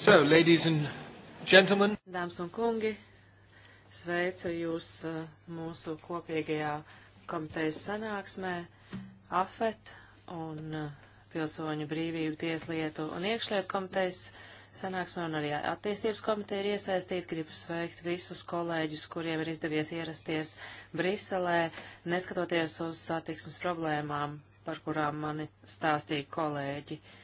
So, ladies and gentlemen. Dāmas un kungi, sveicu jūs uh, mūsu kopīgajā komitejas sanāksmē AFET un uh, Pilsoņu brīvību tieslietu un iekšlietu komitejas sanāksmē un arī attīstības komiteja ir iesaistīta. Gribu sveikt visus kolēģus, kuriem ir izdevies ierasties Briselē, neskatoties uz satiksmes problēmām, par kurām mani stāstīja kolēģi. Uh,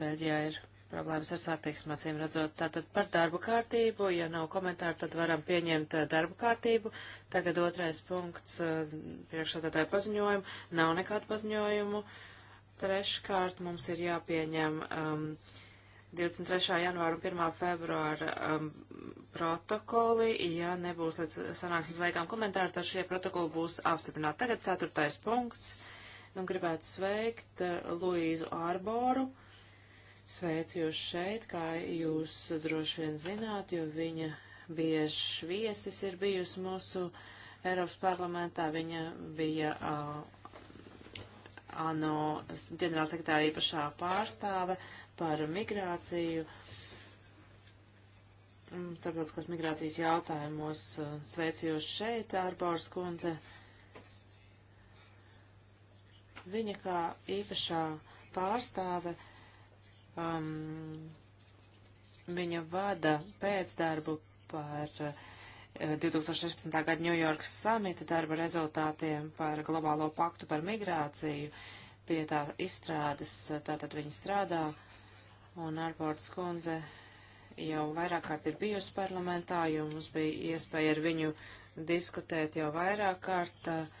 Beļģijā ir problēmas ar sāktīksmu acīm redzot. Tātad par darbu kārtību, ja nav komentāru, tad varam pieņemt eh, darbu kārtību. Tagad otrais punkts eh, priekšsādātāja paziņojumu. Nav nekādu paziņojumu. Treškārt mums ir jāpieņem um, ehm, 23. janvāra un 1. februāra um, protokoli. Ja nebūs līdz sanāksmes beigām komentāru, tad šie protokoli būs apstiprināti. Tagad ceturtais punkts. Un nu, gribētu sveikt uh, Luīzu Ārboru. Uh, Sveicu jūs šeit, kā jūs droši vien zināt, jo viņa bieži viesis ir bijusi mūsu Eiropas parlamentā. Viņa bija uh, ANO ģenerālsekretāra īpašā pārstāve par migrāciju, starptautiskās migrācijas jautājumos. Sveicu jūs šeit, Arbors kundze. Viņa kā īpašā pārstāve uh, um, viņa vada pēcdarbu par uh, 2016. gada Ņujorkas samita darba rezultātiem par globālo paktu par migrāciju. Pie tā izstrādes uh, tātad viņa strādā, un Arbords kundze jau vairāk kārt ir bijusi parlamentā, jo mums bija iespēja ar viņu diskutēt jau vairāk kārt. Uh,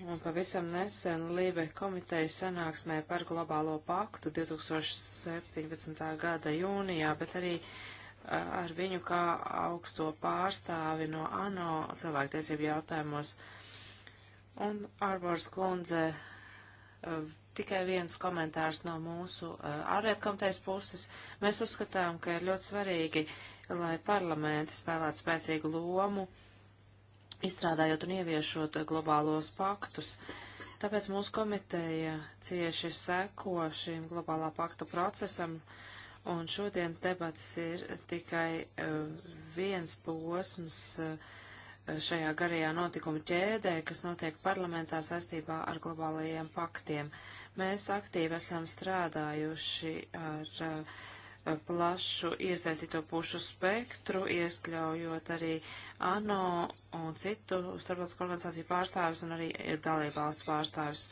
Un pavisam nesen Lībe komitejas sanāksmē par globālo paktu 2017. gada jūnijā, bet arī ar viņu kā augsto pārstāvi no ANO cilvēktiesību jautājumos. Un Arbors kundze, tikai viens komentārs no mūsu ārlietkomitejas puses. Mēs uzskatām, ka ir ļoti svarīgi, lai parlamenti spēlētu spēcīgu lomu izstrādājot un ieviešot globālos paktus. Tāpēc mūsu komiteja cieši seko šīm globālā pakta procesam, un šodienas debatas ir tikai eh, viens posms eh, šajā garajā notikuma ķēdē, kas notiek parlamentā saistībā ar globālajiem paktiem. Mēs aktīvi esam strādājuši ar uh, plašu iesaistīto pušu spektru, ieskļaujot arī ANO un citu starptautisku organizāciju pārstāvis un arī dalībvalstu pārstāvis.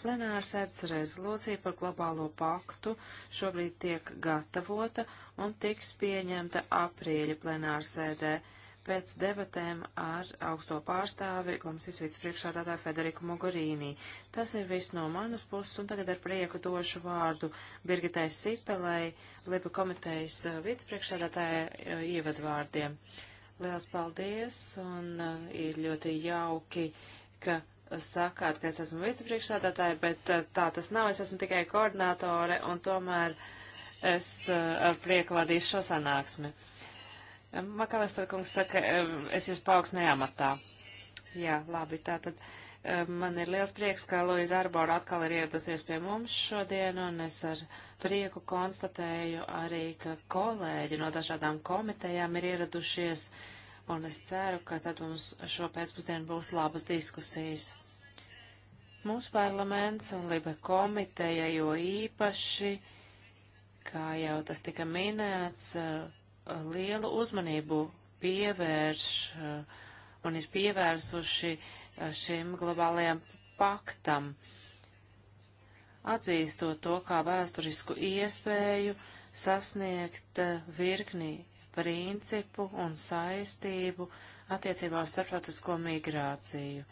Plenārsēdes rezolūcija par globālo paktu šobrīd tiek gatavota un tiks pieņemta aprīļa plenārsēdē. sēdē pēc debatēm ar augsto pārstāvi komisijas vicepriekšādātāju Federiku Mogorīnī. Tas ir viss no manas puses, un tagad ar prieku došu vārdu Birgitai Sipelei, Liba komitejas eh, vicepriekšādātāja eh, ievadvārdiem. Liels paldies, un eh, ir ļoti jauki, ka sakāt, ka es esmu vicepriekšādātāja, bet tā tas nav, es esmu tikai koordinātore, un tomēr es ar prieku vadīšu šo sanāksmi. Makalester kungs saka, es jūs paaugstināju amatā. Jā, labi, tātad man ir liels prieks, ka Luisa Arbora atkal ir ieradusies pie mums šodien, un es ar prieku konstatēju arī, ka kolēģi no dažādām komitejām ir ieradušies, un es ceru, ka tad mums šo pēcpusdienu būs labas diskusijas. Mūsu parlaments un Libe komiteja jo īpaši, kā jau tas tika minēts, uh, lielu uzmanību pievērš uh, un ir pievērsuši uh, šim globālajam paktam, atzīstot to kā vēsturisku iespēju sasniegt uh, virkni principu un saistību attiecībā uz starptautisko migrāciju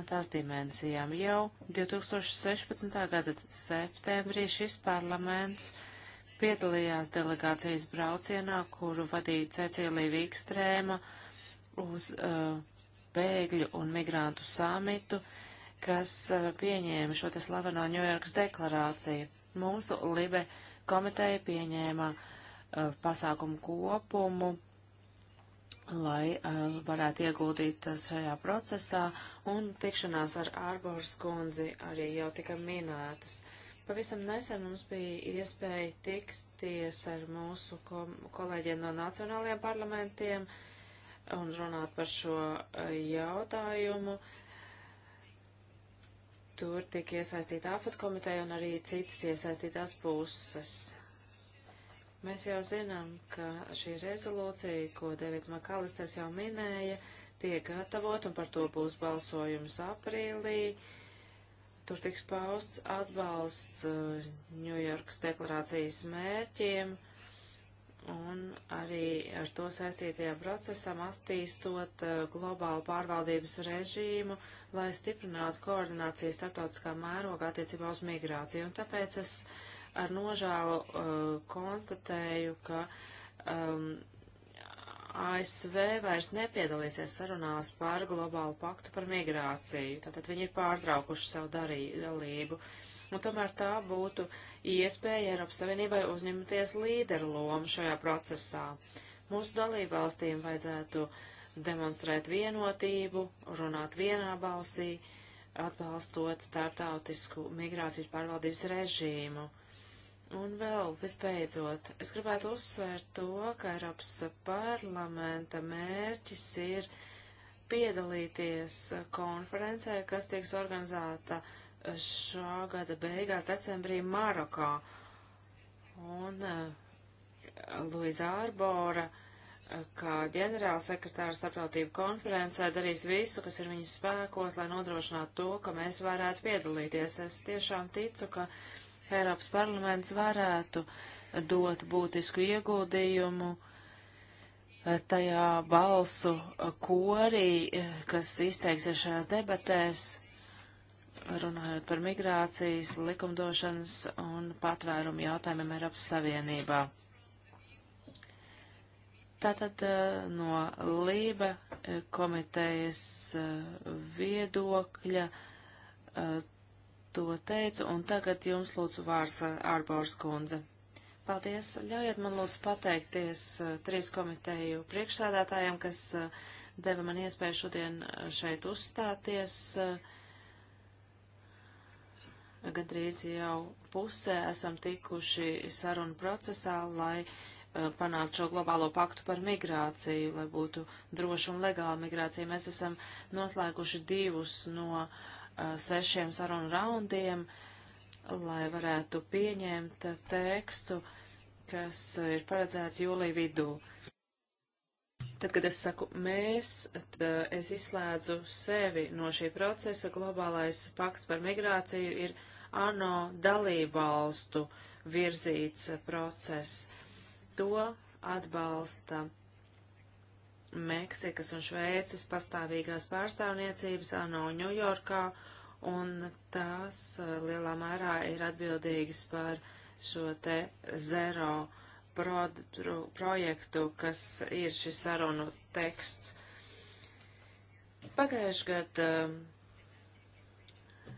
un tās dimensijām. Jau 2016. gada septembrī šis parlaments uh, piedalījās delegācijas braucienā, kuru vadīja Cecīlija Vikstrēma uz uh, bēgļu un migrantu samitu, kas uh, pieņēma šo te slaveno Ņujorkas deklarāciju. Mūsu Libe komiteja pieņēma uh, pasākumu kopumu, lai uh, varētu ieguldīt šajā procesā, un tikšanās ar Ārboras kundzi arī jau tika minētas. Uh, Pavisam nesen mums bija iespēja tiksties ar mūsu kolēģiem no nacionālajiem parlamentiem un runāt par šo eh, jautājumu. Tur tika iesaistīta AFAT komiteja un arī citas iesaistītās puses. Mēs jau zinām, ka šī rezolūcija, ko Devits Makalisters jau minēja, tiek gatavot un par to būs balsojums aprīlī. Uh, Tur tiks pausts atbalsts Ņujorkas eh, deklarācijas mērķiem un arī ar to saistītajā procesam attīstot eh, globālu pārvaldības režīmu, lai stiprinātu koordināciju starptautiskā mērogā attiecībā uz migrāciju. Un tāpēc es ar nožēlu uh, konstatēju, ka um, ASV vairs nepiedalīsies sarunās par globālu paktu par migrāciju, tātad viņi ir pārtraukuši savu darību. Nu, tomēr tā būtu iespēja Eiropas Savienībai uzņemties līderu lomu šajā procesā. Mūsu dalībvalstīm vajadzētu demonstrēt vienotību, runāt vienā balsī, atbalstot starptautisku migrācijas pārvaldības režīmu Un vēl visbeidzot, es gribētu uzsvērt to, ka Eiropas parlamenta mērķis ir piedalīties konferencē, kas tiks organizēta šā gada beigās, decembrī Marokā. Un eh, Luisa Arbora eh, kā ģenerālsekretārs starptautību konferencē darīs visu, kas ir viņas spēkos, lai nodrošinātu to, ka mēs varētu piedalīties. Es tiešām ticu, ka Eiropas parlaments varētu dot būtisku ieguldījumu eh, tajā balsu eh, korī, eh, kas izteiksies šajās debatēs, runājot par migrācijas, likumdošanas un patvērumu jautājumiem Eiropas Savienībā. Tātad no Lība komitejas viedokļa to teicu, un tagad jums lūdzu vārds Ārbors eh, kundze. Paldies. Ļaujiet man lūdzu pateikties eh, trīs komiteju priekšsēdētājiem, kas eh, deva man iespēju šodien šeit uzstāties. Gadrīz jau pusē esam tikuši sarunu procesā, lai panākt šo globālo paktu par migrāciju, lai būtu droša un legāla migrācija. Mēs esam noslēguši divus no uh, sešiem sarunu raundiem, lai varētu pieņemt tekstu, kas ir paredzēts jūlija vidū. Tad, kad es saku mēs, tad eh, es izslēdzu sevi no šī procesa. Globālais pakts par migrāciju ir ANO dalībvalstu virzīts process. To atbalsta Meksikas un Šveices pastāvīgās pārstāvniecības ANO Ņujorkā, un tās eh, lielā mērā ir atbildīgas par šo te zero prodru, projektu, kas ir šis sarunu teksts. Pagājuši gadu eh,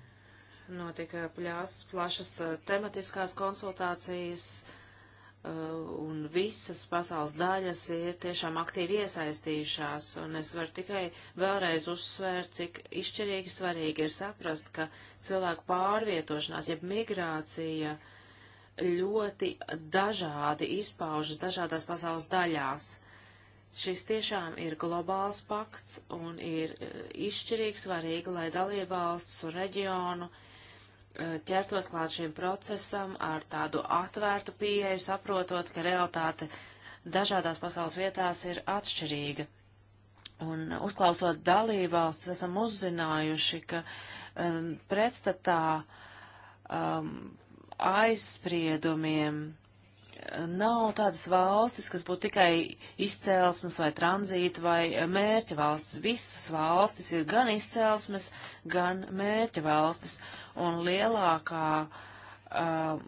notika pļās, plašas eh, tematiskās konsultācijas, uh, Uh, un visas pasaules daļas ir tiešām aktīvi iesaistījušās, un es varu tikai vēlreiz uzsvērt, cik izšķirīgi svarīgi ir saprast, ka cilvēku pārvietošanās, jeb migrācija ļoti dažādi izpaužas dažādās pasaules daļās. Šis tiešām ir globāls pakts un ir uh, izšķirīgi svarīgi, lai dalībvalsts un reģionu uh, Eh, ķertos klāt šim procesam ar tādu atvērtu pieeju, saprotot, ka realitāte dažādās pasaules vietās ir atšķirīga. Un uzklausot dalībvalsts, esam uzzinājuši, ka um, pretstatā um, aizspriedumiem nav tādas valstis, kas būtu tikai izcēlesmes vai tranzīta vai mērķa valstis. Visas valstis ir gan izcēlesmes, gan mērķa valstis. Un lielākā uh,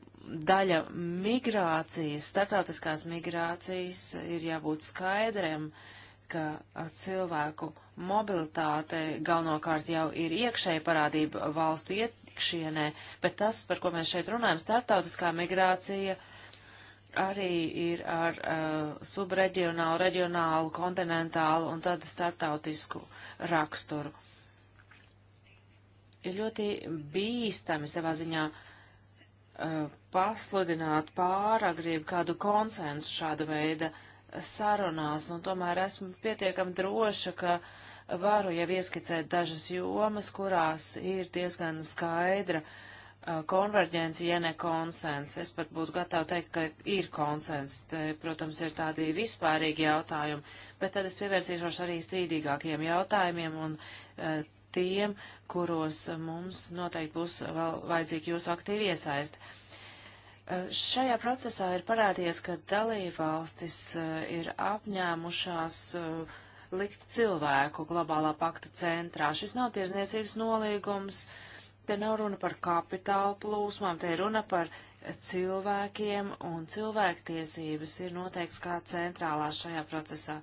daļa migrācijas, startautiskās migrācijas ir jābūt skaidriem, ka uh, cilvēku mobilitāte galvenokārt jau ir iekšēja parādība valstu iekšienē, bet tas, par ko mēs šeit runājam, startautiskā migrācija, uh, arī ir ar uh, subreģionālu, reģionālu, kontinentālu un tad startautisku raksturu. Ir ļoti bīstami savā ziņā uh, pasludināt pāragrību kādu konsensu šāda veida sarunās, un tomēr esmu pietiekami droša, ka varu jau ieskicēt dažas jomas, kurās ir diezgan skaidra uh, Uh, konverģenci, ja ne konsens. Es pat būtu gatava teikt, ka ir konsens. Te, protams, ir tādi vispārīgi jautājumi, bet tad es pievērsīšos arī strīdīgākiem jautājumiem un uh, tiem, kuros mums noteikti būs vēl vajadzīgi jūsu aktīvi iesaist. Uh, šajā procesā ir parādījies, ka dalībvalstis uh, ir apņēmušās uh, likt cilvēku globālā pakta centrā. Šis nav tiesniecības nolīgums, uh, Te nav runa par kapitālu plūsmām, te ir runa par cilvēkiem, un cilvēktiesības ir noteikts kā centrālā šajā procesā.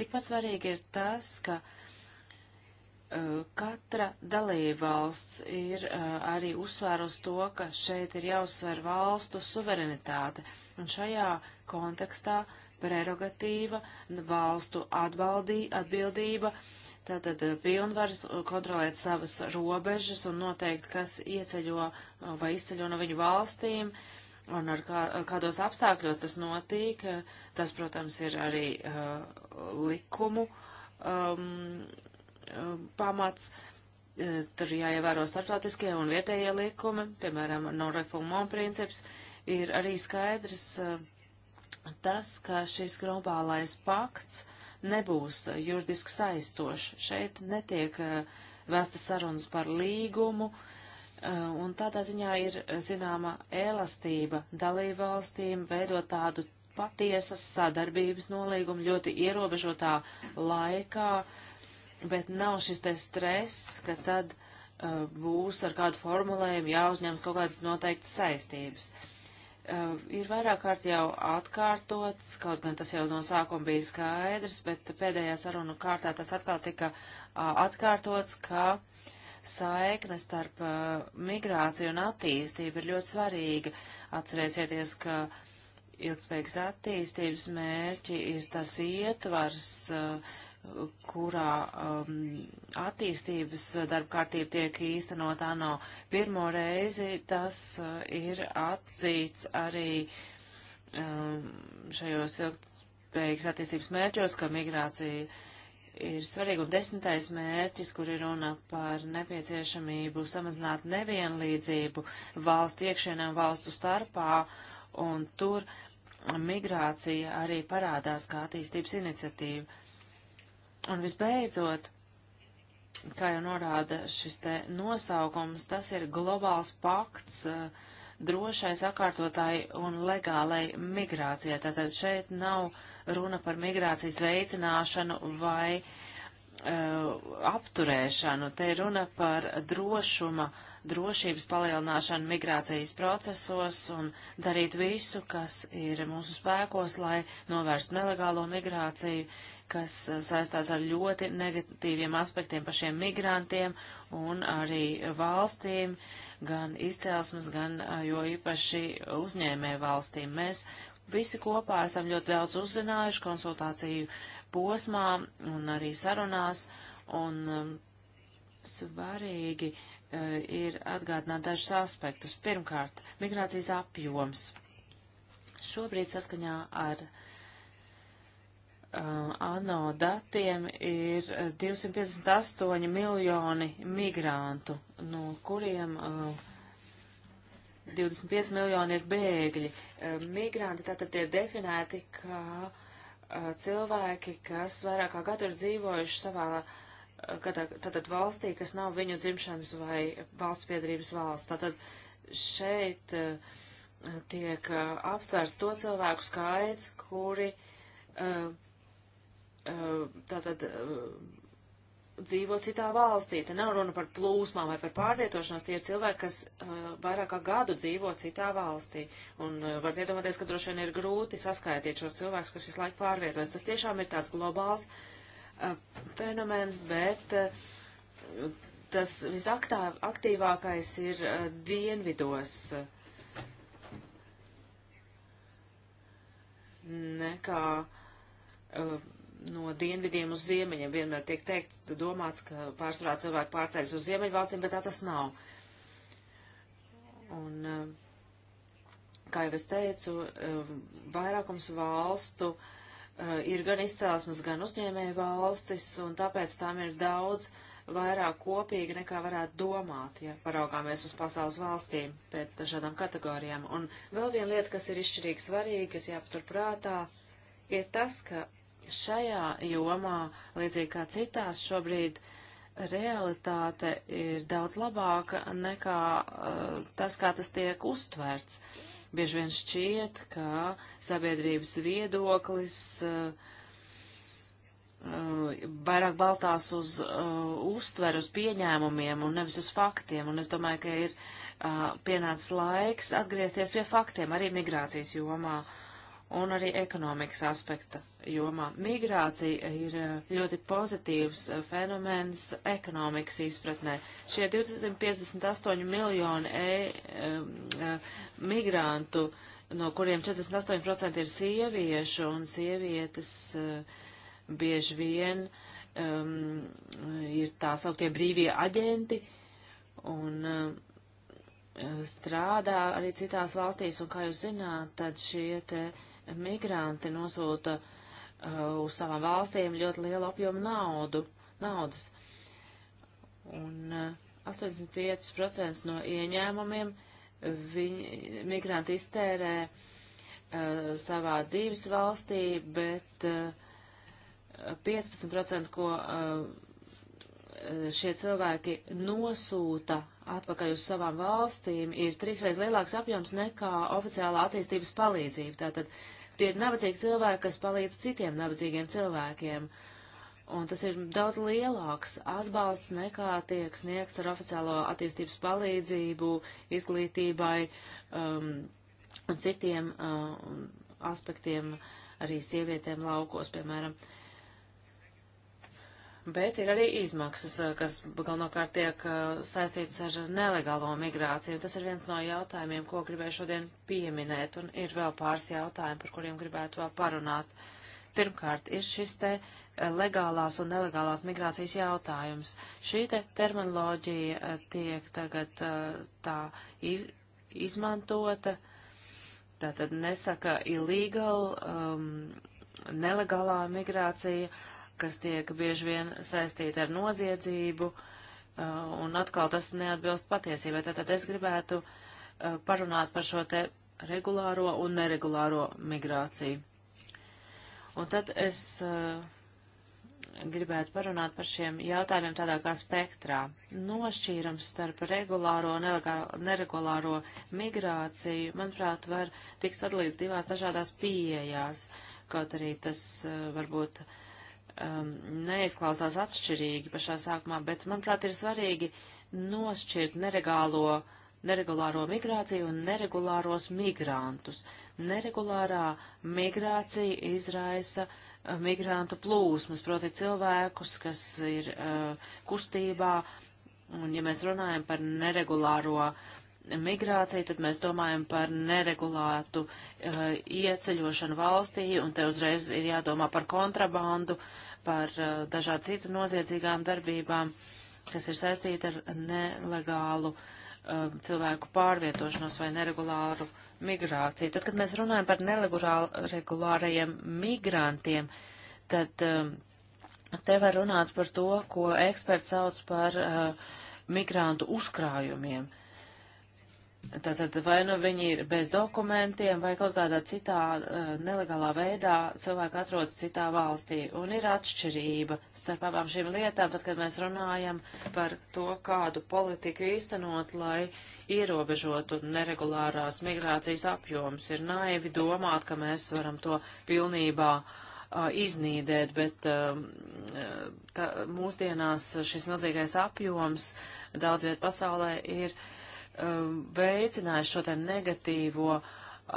Tikpat svarīgi ir tas, ka uh, katra dalībvalsts ir uh, arī uzsvērus to, ka šeit ir jāuzsver valstu suverenitāte, un šajā kontekstā prerogatīva, valstu atbaldī, atbildība, uh, Tātad eh, pilnvaras eh, kontrolēt savas robežas un noteikt, kas ieceļo eh, vai izceļo no viņu valstīm un ar kā, kādos apstākļos tas notiek. Tas, protams, ir arī uh, likumu um, um pamats. Tur jāievēro starptautiskie un vietējie likumi, piemēram, non-refumon princips. Ir arī skaidrs uh, tas, ka šis globālais pakts nebūs eh, juridiski saistoša. Šeit netiek eh, vēsta sarunas par līgumu, eh, un tādā ziņā ir zināma elastība dalībvalstīm veidot tādu patiesas sadarbības nolīgumu ļoti ierobežotā laikā, bet nav šis te stress, ka tad būs ar kādu formulējumu jāuzņems kaut kādas noteiktas saistības. Uh, ir vairāk kārt jau atkārtots, kaut gan tas jau no sākuma bija skaidrs, bet pēdējā saruna kārtā tas atkal tika atkārtots, ka saikne starp migrāciju un attīstību ir ļoti svarīga. Atcerēsieties, ka ilgspējīgas attīstības mērķi ir tas ietvars, uh, kurā um, attīstības darba kārtība tiek īstenot ANO pirmo reizi, tas uh, ir atzīts arī um, šajos ilgspējīgas attīstības mērķos, ka migrācija ir svarīga un desmitais mērķis, kur ir runa par nepieciešamību samazināt nevienlīdzību valstu iekšienē un valstu starpā, un tur migrācija arī parādās kā attīstības iniciatīva Un visbeidzot, kā jau norāda šis te nosaukums, tas ir globāls pakts eh, drošai sakārtotāji un legālai migrācijai. Tātad šeit nav runa par migrācijas veicināšanu vai uh, apturēšanu. Te ir runa par drošuma, drošības palielināšanu migrācijas procesos un darīt visu, kas ir mūsu spēkos, lai novērstu nelegālo migrāciju, kas eh, saistās ar ļoti negatīviem aspektiem pašiem migrantiem un arī valstīm, gan izcelsmes, gan eh, jo īpaši uzņēmē valstīm. Mēs visi kopā esam ļoti daudz uzzinājuši konsultāciju posmā un arī sarunās, un um, svarīgi uh, ir atgādināt dažus aspektus. Pirmkārt, migrācijas apjoms. Šobrīd saskaņā ar uh, uh, ANO datiem ir 258 uh, miljoni migrantu, no kuriem uh, 25 miljoni ir bēgļi. Uh, migranti tātad ir definēti kā uh, cilvēki, kas vairāk kā gadu ir dzīvojuši savā gadā, uh, tātad valstī, kas nav viņu dzimšanas vai valsts piedarības valsts. Tātad šeit uh, tiek uh, aptvērts to cilvēku skaits, kuri uh, Eh, tātad eh, dzīvo citā valstī. Te nav runa par plūsmām vai par pārvietošanos. Tie ir cilvēki, kas uh, vairāk kā gadu dzīvo citā valstī. Un uh, varat iedomāties, ka droši vien ir grūti saskaitīt šos cilvēkus, kas visu laiku pārvietojas. Tas tiešām ir tāds globāls uh, fenomens, bet tas visaktīvākais ir dienvidos. Nekā no dienvidiem uz ziemeņiem. Vienmēr tiek teikts, domāts, ka pārsvarā cilvēki pārceļas uz ziemeļvalstīm, bet tā tas nav. Un, eh, kā jau es teicu, eh, vairākums valstu eh, ir gan izcelsmes, gan uzņēmēja valstis, un tāpēc tām ir daudz vairāk kopīgi nekā varētu domāt, ja paraugāmies uz pasaules valstīm pēc dažādām kategorijām. Un vēl viena lieta, kas ir izšķirīgi svarīga, kas jāpatur prātā, ir tas, ka šajā jomā, līdzīgi kā citās, šobrīd realitāte ir daudz labāka nekā uh, tas, kā tas tiek uztverts. Bieži vien šķiet, ka sabiedrības viedoklis uh, uh, vairāk balstās uz uztveru, uz pieņēmumiem un nevis uz faktiem. Un es domāju, ka ir pienācis laiks atgriezties pie faktiem arī migrācijas jomā. Uh, un arī ekonomikas aspekta jomā. Migrācija ir eh, ļoti pozitīvs eh, fenomens ekonomikas izpratnē. Šie 258 miljoni e, e, e, migrantu, no kuriem 48% ir sieviešu, un sievietes bieži vien um, ir tā sauktie brīvie aģenti, un um, strādā arī citās valstīs, un kā jūs zināt, tad šie te uh, migranti nosūta uh, uz savām valstīm ļoti lielu apjomu naudu, naudas. Un uh, 85% no ieņēmumiem viņi, migranti iztērē uh, savā dzīves valstī, bet 15%, uh, ko uh, šie cilvēki nosūta atpakaļ uz savām valstīm, ir trīsreiz lielāks apjoms nekā oficiālā attīstības palīdzība. Tātad tie ir nabadzīgi cilvēki, kas palīdz citiem nabadzīgiem cilvēkiem. Un tas ir daudz lielāks atbalsts nekā tiek sniegts ar oficiālo attīstības palīdzību, izglītībai um, un citiem um, aspektiem, arī sievietēm laukos, piemēram. Uh, bet ir arī izmaksas, eh, kas galvenokārt tiek eh, saistītas ar nelegālo migrāciju. Tas ir viens no jautājumiem, ko gribēju šodien pieminēt, un ir vēl pāris jautājumi, par kuriem gribētu vēl parunāt. Pirmkārt, ir šis te eh, legālās un nelegālās migrācijas jautājums. Šī te terminoloģija tiek tagad tā iz, izmantota, tātad nesaka illegal, um, nelegālā migrācija, uh, kas tiek bieži vien saistīta ar noziedzību, uh, un atkal tas neatbilst patiesībai. Tātad es gribētu uh, parunāt par šo te regulāro un neregulāro migrāciju. Un tad es uh, gribētu parunāt par šiem jautājumiem tādā kā spektrā. Nošķīrums starp regulāro un neregulāro migrāciju, manuprāt, var tikt sadalīts divās dažādās pieejās, kaut arī tas varbūt uh, um, neizklausās atšķirīgi pašā sākumā, bet, manuprāt, ir svarīgi nošķirt neregālo, neregulāro migrāciju un neregulāros migrantus. Neregulārā migrācija izraisa uh, migrantu plūsmas, proti cilvēkus, kas ir uh, kustībā, un ja mēs runājam par neregulāro uh, migrāciju, tad mēs domājam par neregulātu uh, ieceļošanu valstī, un te uzreiz ir jādomā par kontrabandu, par uh, dažādu citu noziedzīgām darbībām, kas ir saistīta ar nelegālu um, cilvēku pārvietošanos vai neregulāru migrāciju. Tad, kad mēs runājam par neregulārajiem migrantiem, tad um, te var runāt par to, ko eksperts sauc par uh, migrantu uzkrājumiem. Uh, Tātad vai nu viņi ir bez dokumentiem vai kaut kādā citā uh, nelegālā veidā cilvēki atrodas citā valstī. Un ir atšķirība starp abām šīm lietām, tad, kad mēs runājam par to, kādu politiku īstenot, lai ierobežotu neregulārās migrācijas apjomus. Ir naivi domāt, ka mēs varam to pilnībā uh, iznīdēt, bet tā, eh, mūsdienās šis milzīgais apjoms daudz viet pasaulē ir Um, veicinājis šo te negatīvo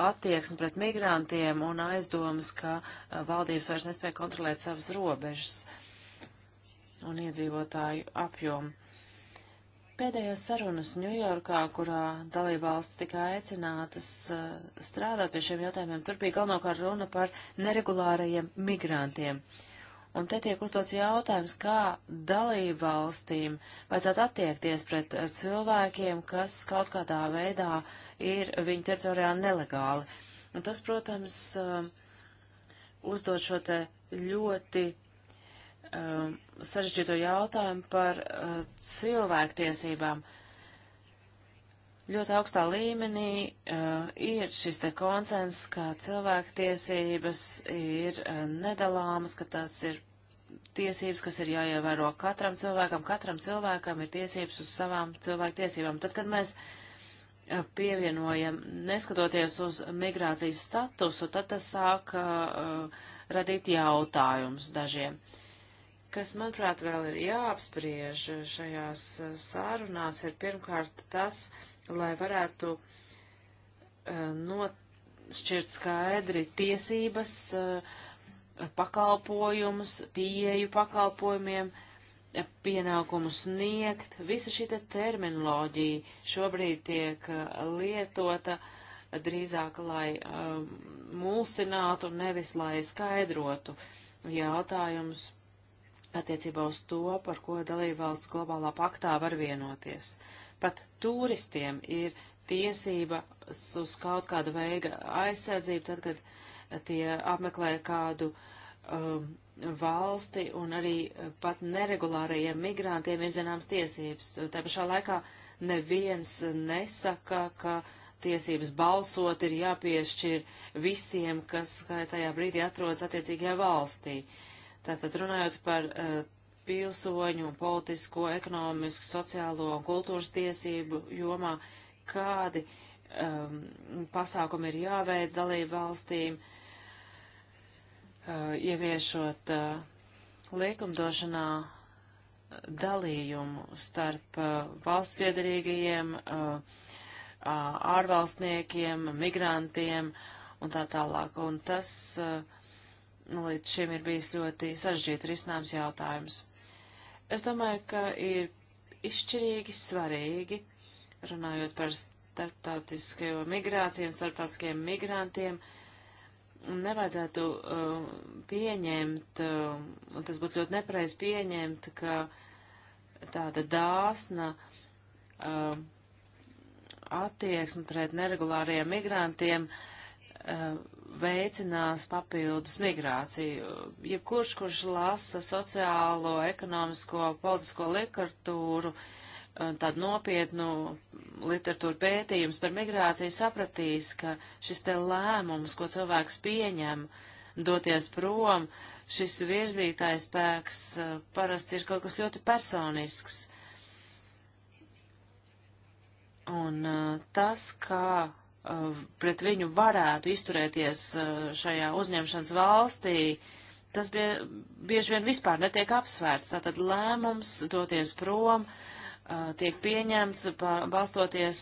attieksmi pret migrantiem un aizdomas, ka uh, valdības vairs nespēja kontrolēt savas robežas un iedzīvotāju apjomu. Pēdējās sarunas Ņujorkā, kurā dalībvalsts tika aicinātas uh, strādāt pie šiem jautājumiem, tur bija galvenokārt runa par neregulārajiem migrantiem. Uh, Un te tiek uzdots jautājums, kā dalību valstīm vajadzētu attiekties pret eh, cilvēkiem, kas kaut kādā veidā ir viņu teritorijā nelegāli. Un tas, protams, eh, uzdod šo te ļoti um, sarežģīto jautājumu par uh, cilvēktiesībām. Uh, ļoti augstā līmenī uh, ir šis te konsens, ka cilvēktiesības ir uh, nedalāmas, ka tas ir tiesības, kas ir jāievēro katram cilvēkam. Katram cilvēkam ir tiesības uz savām cilvēktiesībām. Tad, kad mēs uh, pievienojam, neskatoties uz migrācijas statusu, tad tas sāk uh, radīt jautājumus dažiem. Uh, kas, manuprāt, vēl ir jāapspriež šajās uh, sarunās, ir pirmkārt tas, lai varētu uh, nošķirt skaidri tiesības, uh, pakalpojumus, pieeju pakalpojumiem, eh, pienākumus sniegt. Visa šī te terminoloģija šobrīd tiek lietota drīzāk, lai um, mulsinātu, nevis lai skaidrotu jautājumus attiecībā uz to, par ko dalībvalsts globālā paktā var vienoties. Uh, Pat turistiem ir tiesība uz kaut kādu veidu aizsardzību, tad, kad tie apmeklē kādu um, valsti, un arī pat neregulārajiem migrantiem ir zināmas tiesības. Tā pašā laikā neviens nesaka, ka tiesības balsot ir jāpiešķir visiem, kas tajā brīdī atrodas attiecīgajā valstī. Tātad runājot par uh, pilsoņu un politisko, ekonomisku, sociālo un kultūras tiesību jomā, kādi um, pasākumi ir jāveic dalību valstīm, uh, ieviešot uh, likumdošanā uh, dalījumu starp uh, valsts piedarīgajiem, uh, uh, ārvalstniekiem, migrantiem un tā tālāk. Un tas uh, līdz šim ir bijis ļoti sažģīti risināms jautājums. Es domāju, ka ir izšķirīgi svarīgi, runājot par starptautiskajo migrāciju un starptautiskajiem migrantiem, nevajadzētu uh, pieņemt, uh, un tas būtu ļoti nepareizi pieņemt, ka tāda dāsna uh, attieksme pret neregulāriem migrantiem uh, veicinās papildus migrāciju. Jebkurš, kurš lasa sociālo, ekonomisko, politisko literatūru, eh, tādu nopietnu literatūru pētījums par migrāciju, sapratīs, ka šis te lēmums, ko cilvēks pieņem, doties prom, šis virzītājs spēks eh, parasti ir kaut kas ļoti personisks. Un eh, tas, kā Uh, pret viņu varētu izturēties uh, šajā uzņemšanas valstī, tas bie, bieži vien vispār netiek apsvērts. Tātad lēmums doties prom uh, tiek pieņemts balstoties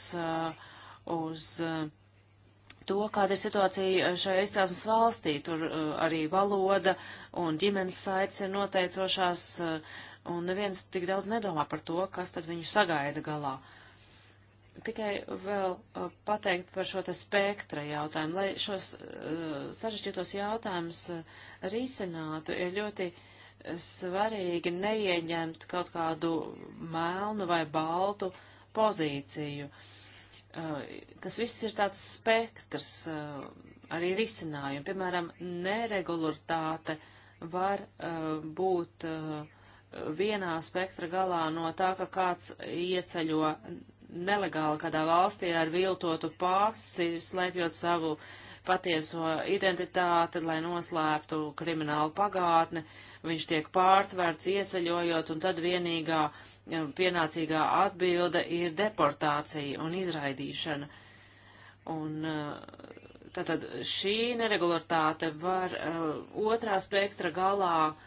uz to, kāda ir situācija šajā izcelsmes valstī. Tur arī valoda un ģimenes saites ir noteicošās, un neviens tik daudz nedomā par to, kas tad viņu sagaida galā. Uh, tikai vēl uh, pateikt par šo te spektra jautājumu. Lai šos uh, sažģītos jautājumus uh, risinātu, ir ļoti svarīgi neieņemt kaut kādu melnu vai baltu pozīciju. Uh, tas viss ir tāds spektrs uh, arī risinājumu. Piemēram, neregularitāte var uh, būt vienā spektra galā no tā, ka kāds ieceļo nelegāli kādā valstī ar viltotu pasi, slēpjot savu patieso identitāti, lai noslēptu kriminālu pagātni. Viņš tiek pārtverts, ieceļojot, un tad vienīgā pienācīgā atbilde ir deportācija un izraidīšana. Un eh, tātad šī neregularitāte var eh, otrā spektra galā uh,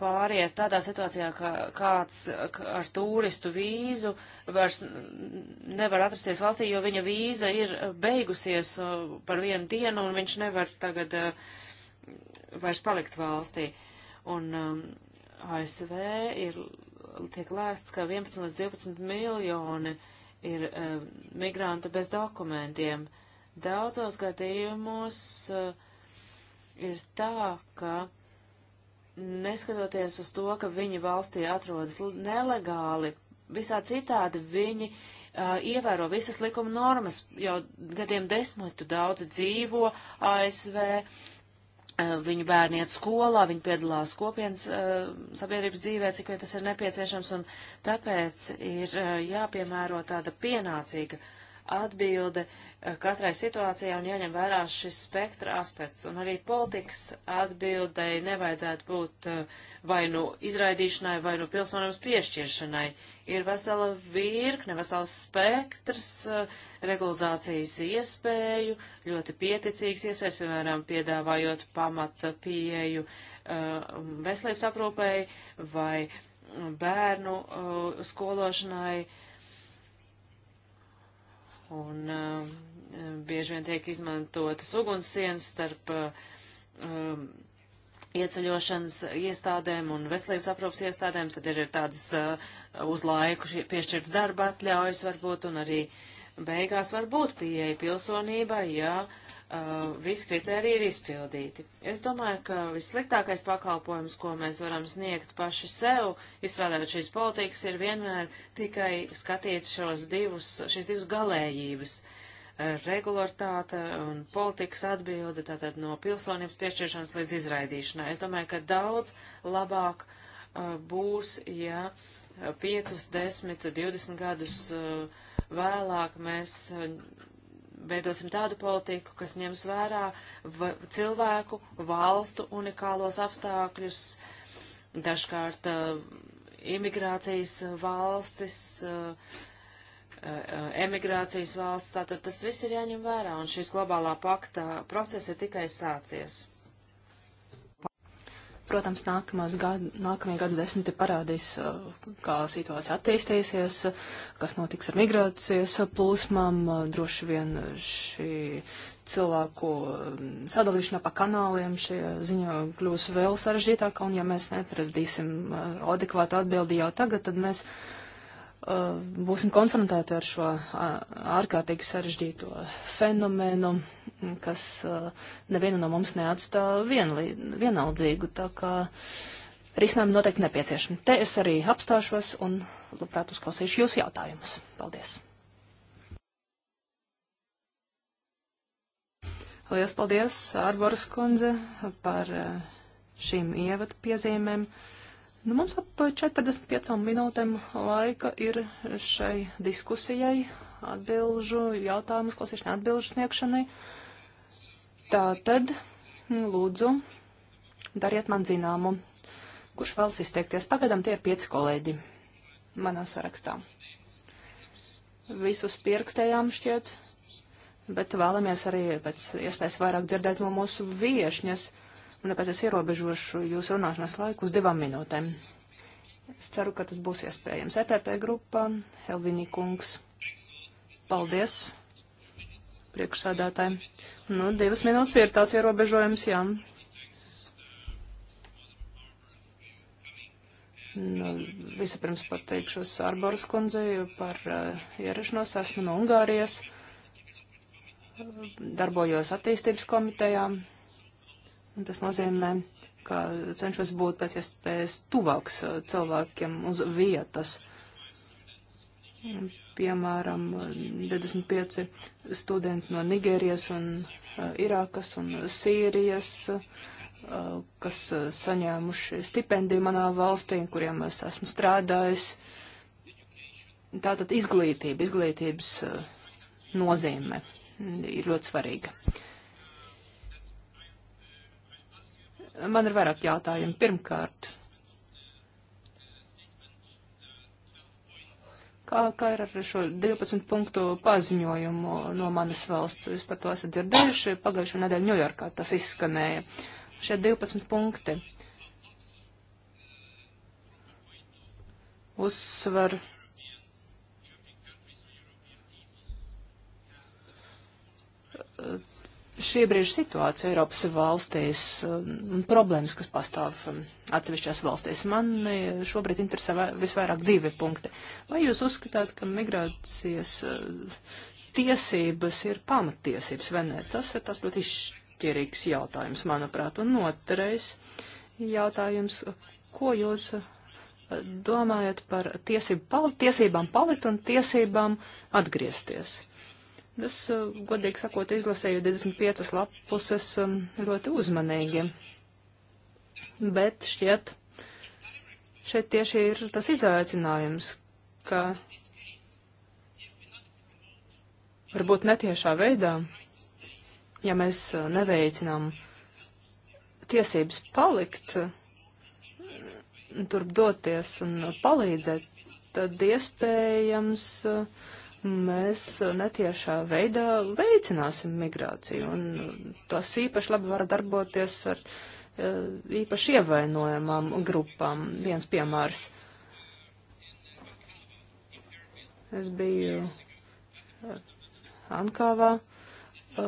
pāriet tādā situācijā, ka kāds ar turistu vīzu vairs nevar atrasties valstī, jo viņa vīza ir beigusies uh, par vienu dienu un viņš nevar tagad uh, vairs palikt valstī. Un um, ASV ir tiek lēsts, ka 11 līdz 12 miljoni ir um, migrantu bez dokumentiem. Daudzos gadījumos uh, ir tā, ka neskatoties uz to, ka viņi valstī atrodas nelegāli, visā citādi viņi uh, ievēro visas likuma normas, jau gadiem desmitu daudzi dzīvo ASV, uh, viņu bērni iet skolā, viņi piedalās kopienas uh, sabiedrības dzīvē, cik vien tas ir nepieciešams, un tāpēc ir uh, jāpiemēro tāda pienācīga uh, atbilde eh, katrai situācijai un jāņem vērā šis spektra aspekts. Un arī politikas atbildei nevajadzētu būt eh, vai nu izraidīšanai, vai nu pilsonības piešķiršanai. Ir vesela virkne, vesels spektrs eh, regulizācijas iespēju, ļoti pieticīgs iespējas, piemēram, piedāvājot pamata pieeju veselības aprūpēji vai bērnu skološanai Un uh, bieži vien tiek izmantotas ugunsienas starp uh, um, ieceļošanas iestādēm un veselības aprūpas iestādēm, tad ir, ir tādas uh, uz laiku piešķirts darba atļaujas varbūt un arī uh, beigās var būt pieeja pilsonībai, ja uh, visi kriteriji ir izpildīti. Es domāju, ka vissliktākais pakalpojums, ko mēs varam sniegt paši sev, izstrādājot šīs politikas, ir vienmēr tikai skatīt šos divus, šīs divas galējības uh, regularitāte un politikas atbilde, tātad no pilsonības piešķiršanas līdz izraidīšanai. Es domāju, ka daudz labāk uh, būs, ja 5, 10, 20 gadus uh, vēlāk mēs eh, veidosim tādu politiku, kas ņems vērā cilvēku, valstu unikālos apstākļus, dažkārt uh, imigrācijas valstis, uh, emigrācijas valsts, tātad tas viss ir jāņem vērā, un šīs globālā pakta process ir tikai sācies. Protams, gadu, nākamie gadu desmiti parādīs, uh, kā situācija attīstīsies, kas notiks ar migrācijas plūsmām, uh, droši vien šī cilvēku um, sadalīšana pa kanāliem šie ziņā kļūs vēl sarežģītāka, un ja mēs neparadīsim uh, adekvātu atbildi jau tagad, tad mēs. Uh, Uh, būsim konfrontēti ar šo ārkārtīgi sarežģīto fenomenu, kas uh, nevienu no mums neatstāv vienaldzīgu, tā kā risinājumi noteikti nepieciešami. Te es arī apstāšos un labprāt uzklausīšu jūsu jautājumus. Paldies! Lielas paldies, Ārboras kundze, par uh, šīm ievadu piezīmēm. Nu, mums ap 45 minūtēm laika ir šai diskusijai, atbilžu, jautājumu klausīšanai, atbilžu sniegšanai. Tātad, lūdzu, dariet man zināmu, kurš vēlas izteikties. Pagaidām tie ir pieci kolēģi manā sarakstā. Visus pierakstējām šķiet, bet vēlamies arī pēc iespējas vairāk dzirdēt no mūsu viešņas un tāpēc es ierobežošu jūsu runāšanas laiku uz divām minūtēm. Es ceru, ka tas būs iespējams. EPP grupa, Helvini kungs, paldies priekšsādātājiem. Nu, divas minūtes ir tāds ierobežojums, jā. Nu, vispirms pateikšos Arboras kundzei par uh, ierašanos. Esmu no Ungārijas, darbojos attīstības komitejām Un tas nozīmē, ka cenšos būt pēc iespējas tuvāks uh, cilvēkiem uz vietas. Piemēram, 25 studenti no Nigērijas un uh, Irākas un Sīrijas, uh, kas saņēmuši stipendiju manā valstī, kuriem es esmu strādājis. Tātad izglītība, izglītības nozīme ir ļoti svarīga. Man ir vairāk jautājumu. Pirmkārt, kā, kā ir ar šo 12 punktu paziņojumu no manas valsts? Jūs par to esat dzirdējuši. Pagājušo nedēļu Ņujorkā tas izskanēja. Šie 12 punkti uzsver šī brīža situācija Eiropas valstīs um, un problēmas, kas pastāv um, atsevišķās valstīs. Man e, šobrīd interesē visvairāk divi punkti. Vai jūs uzskatāt, ka migrācijas e, tiesības ir pamatiesības vai nē? Tas ir tas ļoti izšķirīgs jautājums, manuprāt. Un otrais jautājums, ko jūs e, domājat par tiesību, pal tiesībām palikt un tiesībām atgriezties? Es, eh, godīgi sakot, izlasēju 25 lapuses um, ļoti uzmanīgi. Bet šķiet, šeit tieši ir tas izaicinājums, ka varbūt netiešā veidā, ja mēs eh, neveicinām tiesības palikt, tur doties un palīdzēt, tad iespējams uh, mēs netiešā veidā veicināsim migrāciju, un tas īpaši labi var darboties ar e, īpaši ievainojamām grupām. Viens piemērs. Es biju e, Ankāvā e,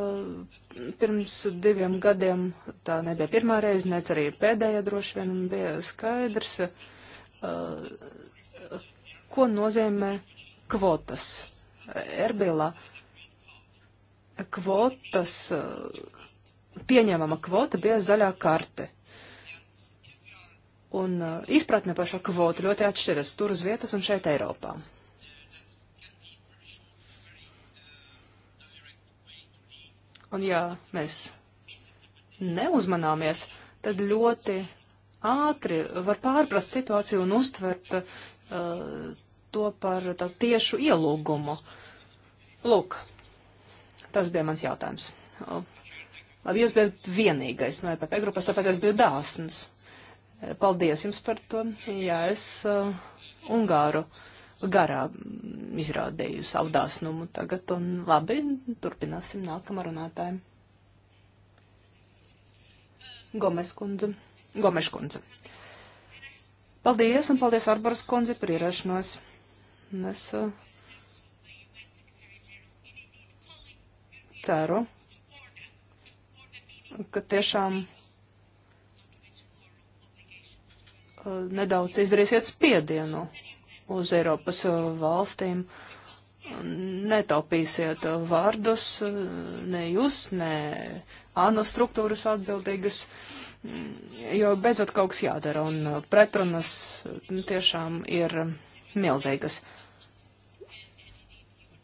pirms diviem gadiem. Tā nebija pirmā reize, nec arī pēdējā droši vien bija skaidrs, ko nozīmē kvotas Erbilā kvotas, eh, pieņemama kvota bija zaļā karte. Un eh, izpratne par šo kvotu ļoti atšķiras tur uz vietas un šeit Eiropā. Un ja mēs neuzmanāmies, tad ļoti ātri var pārprast situāciju un uztvert uh, to par tādu tiešu ielūgumu. Lūk, tas bija mans jautājums. Labi, jūs bijat vienīgais no nu, EPP grupas, tāpēc es biju dāsns. Paldies jums par to. Jā, es uh, Ungāru garā izrādīju savu dāsnumu tagad, un labi, turpināsim nākamā runātājiem. Gomes kundze. Gomes kundze. Paldies, un paldies Arbaras kundze par ierašanos. Nes ceru, ka tiešām uh, nedaudz izdarīsiet spiedienu uz Eiropas uh, valstīm. Netaupīsiet vārdus, uh, ne jūs, ne ANO struktūras atbildīgas, mm, jo beidzot kaut kas jādara, un pretrunas tiešām ir milzīgas.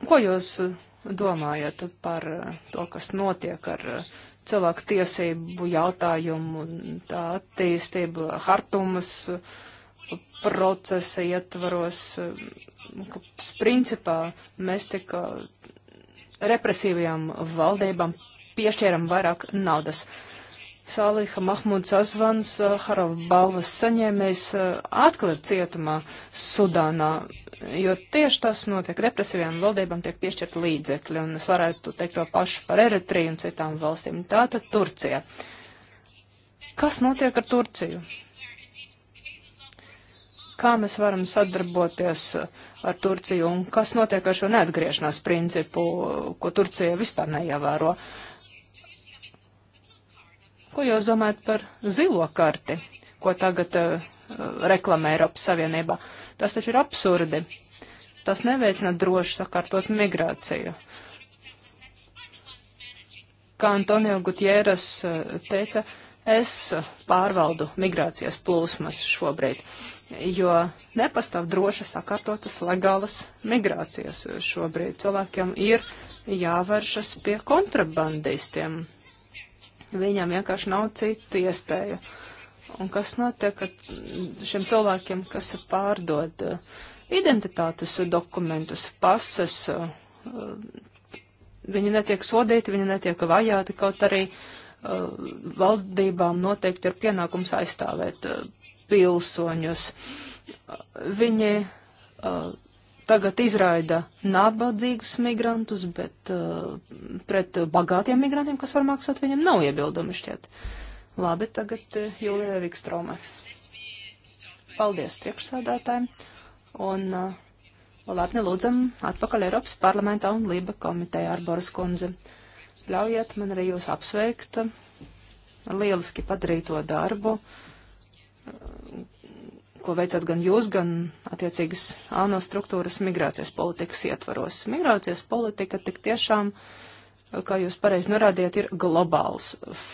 Ko jūs uh, domājat par uh, to, kas notiek ar uh, cilvēku tiesību jautājumu un tā attīstību hartumas procesa ietvaros, kas principā mēs tika represīvajām valdībām piešķēram vairāk naudas. Uh, Sālīha Mahmuds Azvans, eh, Harava balvas saņēmējs, eh, atkal ir cietumā Sudānā, jo tieši tas notiek. Represīvajām valdībām tiek piešķirta līdzekļi, un es varētu teikt to pašu par Eritriju un citām valstīm. Tātad Turcija. Kas notiek ar Turciju? Kā mēs varam sadarboties eh, ar Turciju un kas notiek ar šo neatgriešanās principu, ko Turcija vispār neievēro? Uh, Ko jūs domājat par zilo karti, ko tagad uh, reklamē Eiropas Savienībā? Tas taču ir absurdi. Tas neveicina droši sakārtot migrāciju. Kā Antonio Gutieras eh, teica, es eh, pārvaldu migrācijas plūsmas šobrīd, jo nepastāv droši sakārtotas legālas migrācijas šobrīd. Cilvēkiem ir jāvēršas pie kontrabandistiem. Viņam vienkārši nav citu iespēju. Un kas notiek ar šiem cilvēkiem, kas pārdod uh, identitātes dokumentus, pases? Uh, viņi netiek sodīti, viņi netiek vajāti, kaut arī uh, valdībām noteikti ir pienākums aizstāvēt pilsoņus. Viņi tagad izraida nabadzīgus migrantus, bet uh, pret bagātiem migrantiem, kas var maksāt, viņam nav iebildumi šķiet. Labi, tagad uh, eh, Jūlija Vikstroma. Paldies priekšsādātājiem un uh, eh, labni lūdzam atpakaļ Eiropas parlamentā un Lība komiteja ar Boras kundzi. Ļaujiet man arī jūs apsveikt ar lieliski padarīto darbu, uh, ko veicat gan jūs, gan attiecīgas ANO struktūras migrācijas politikas ietvaros. Migrācijas politika tik tiešām, kā jūs pareizi norādījat, ir globāls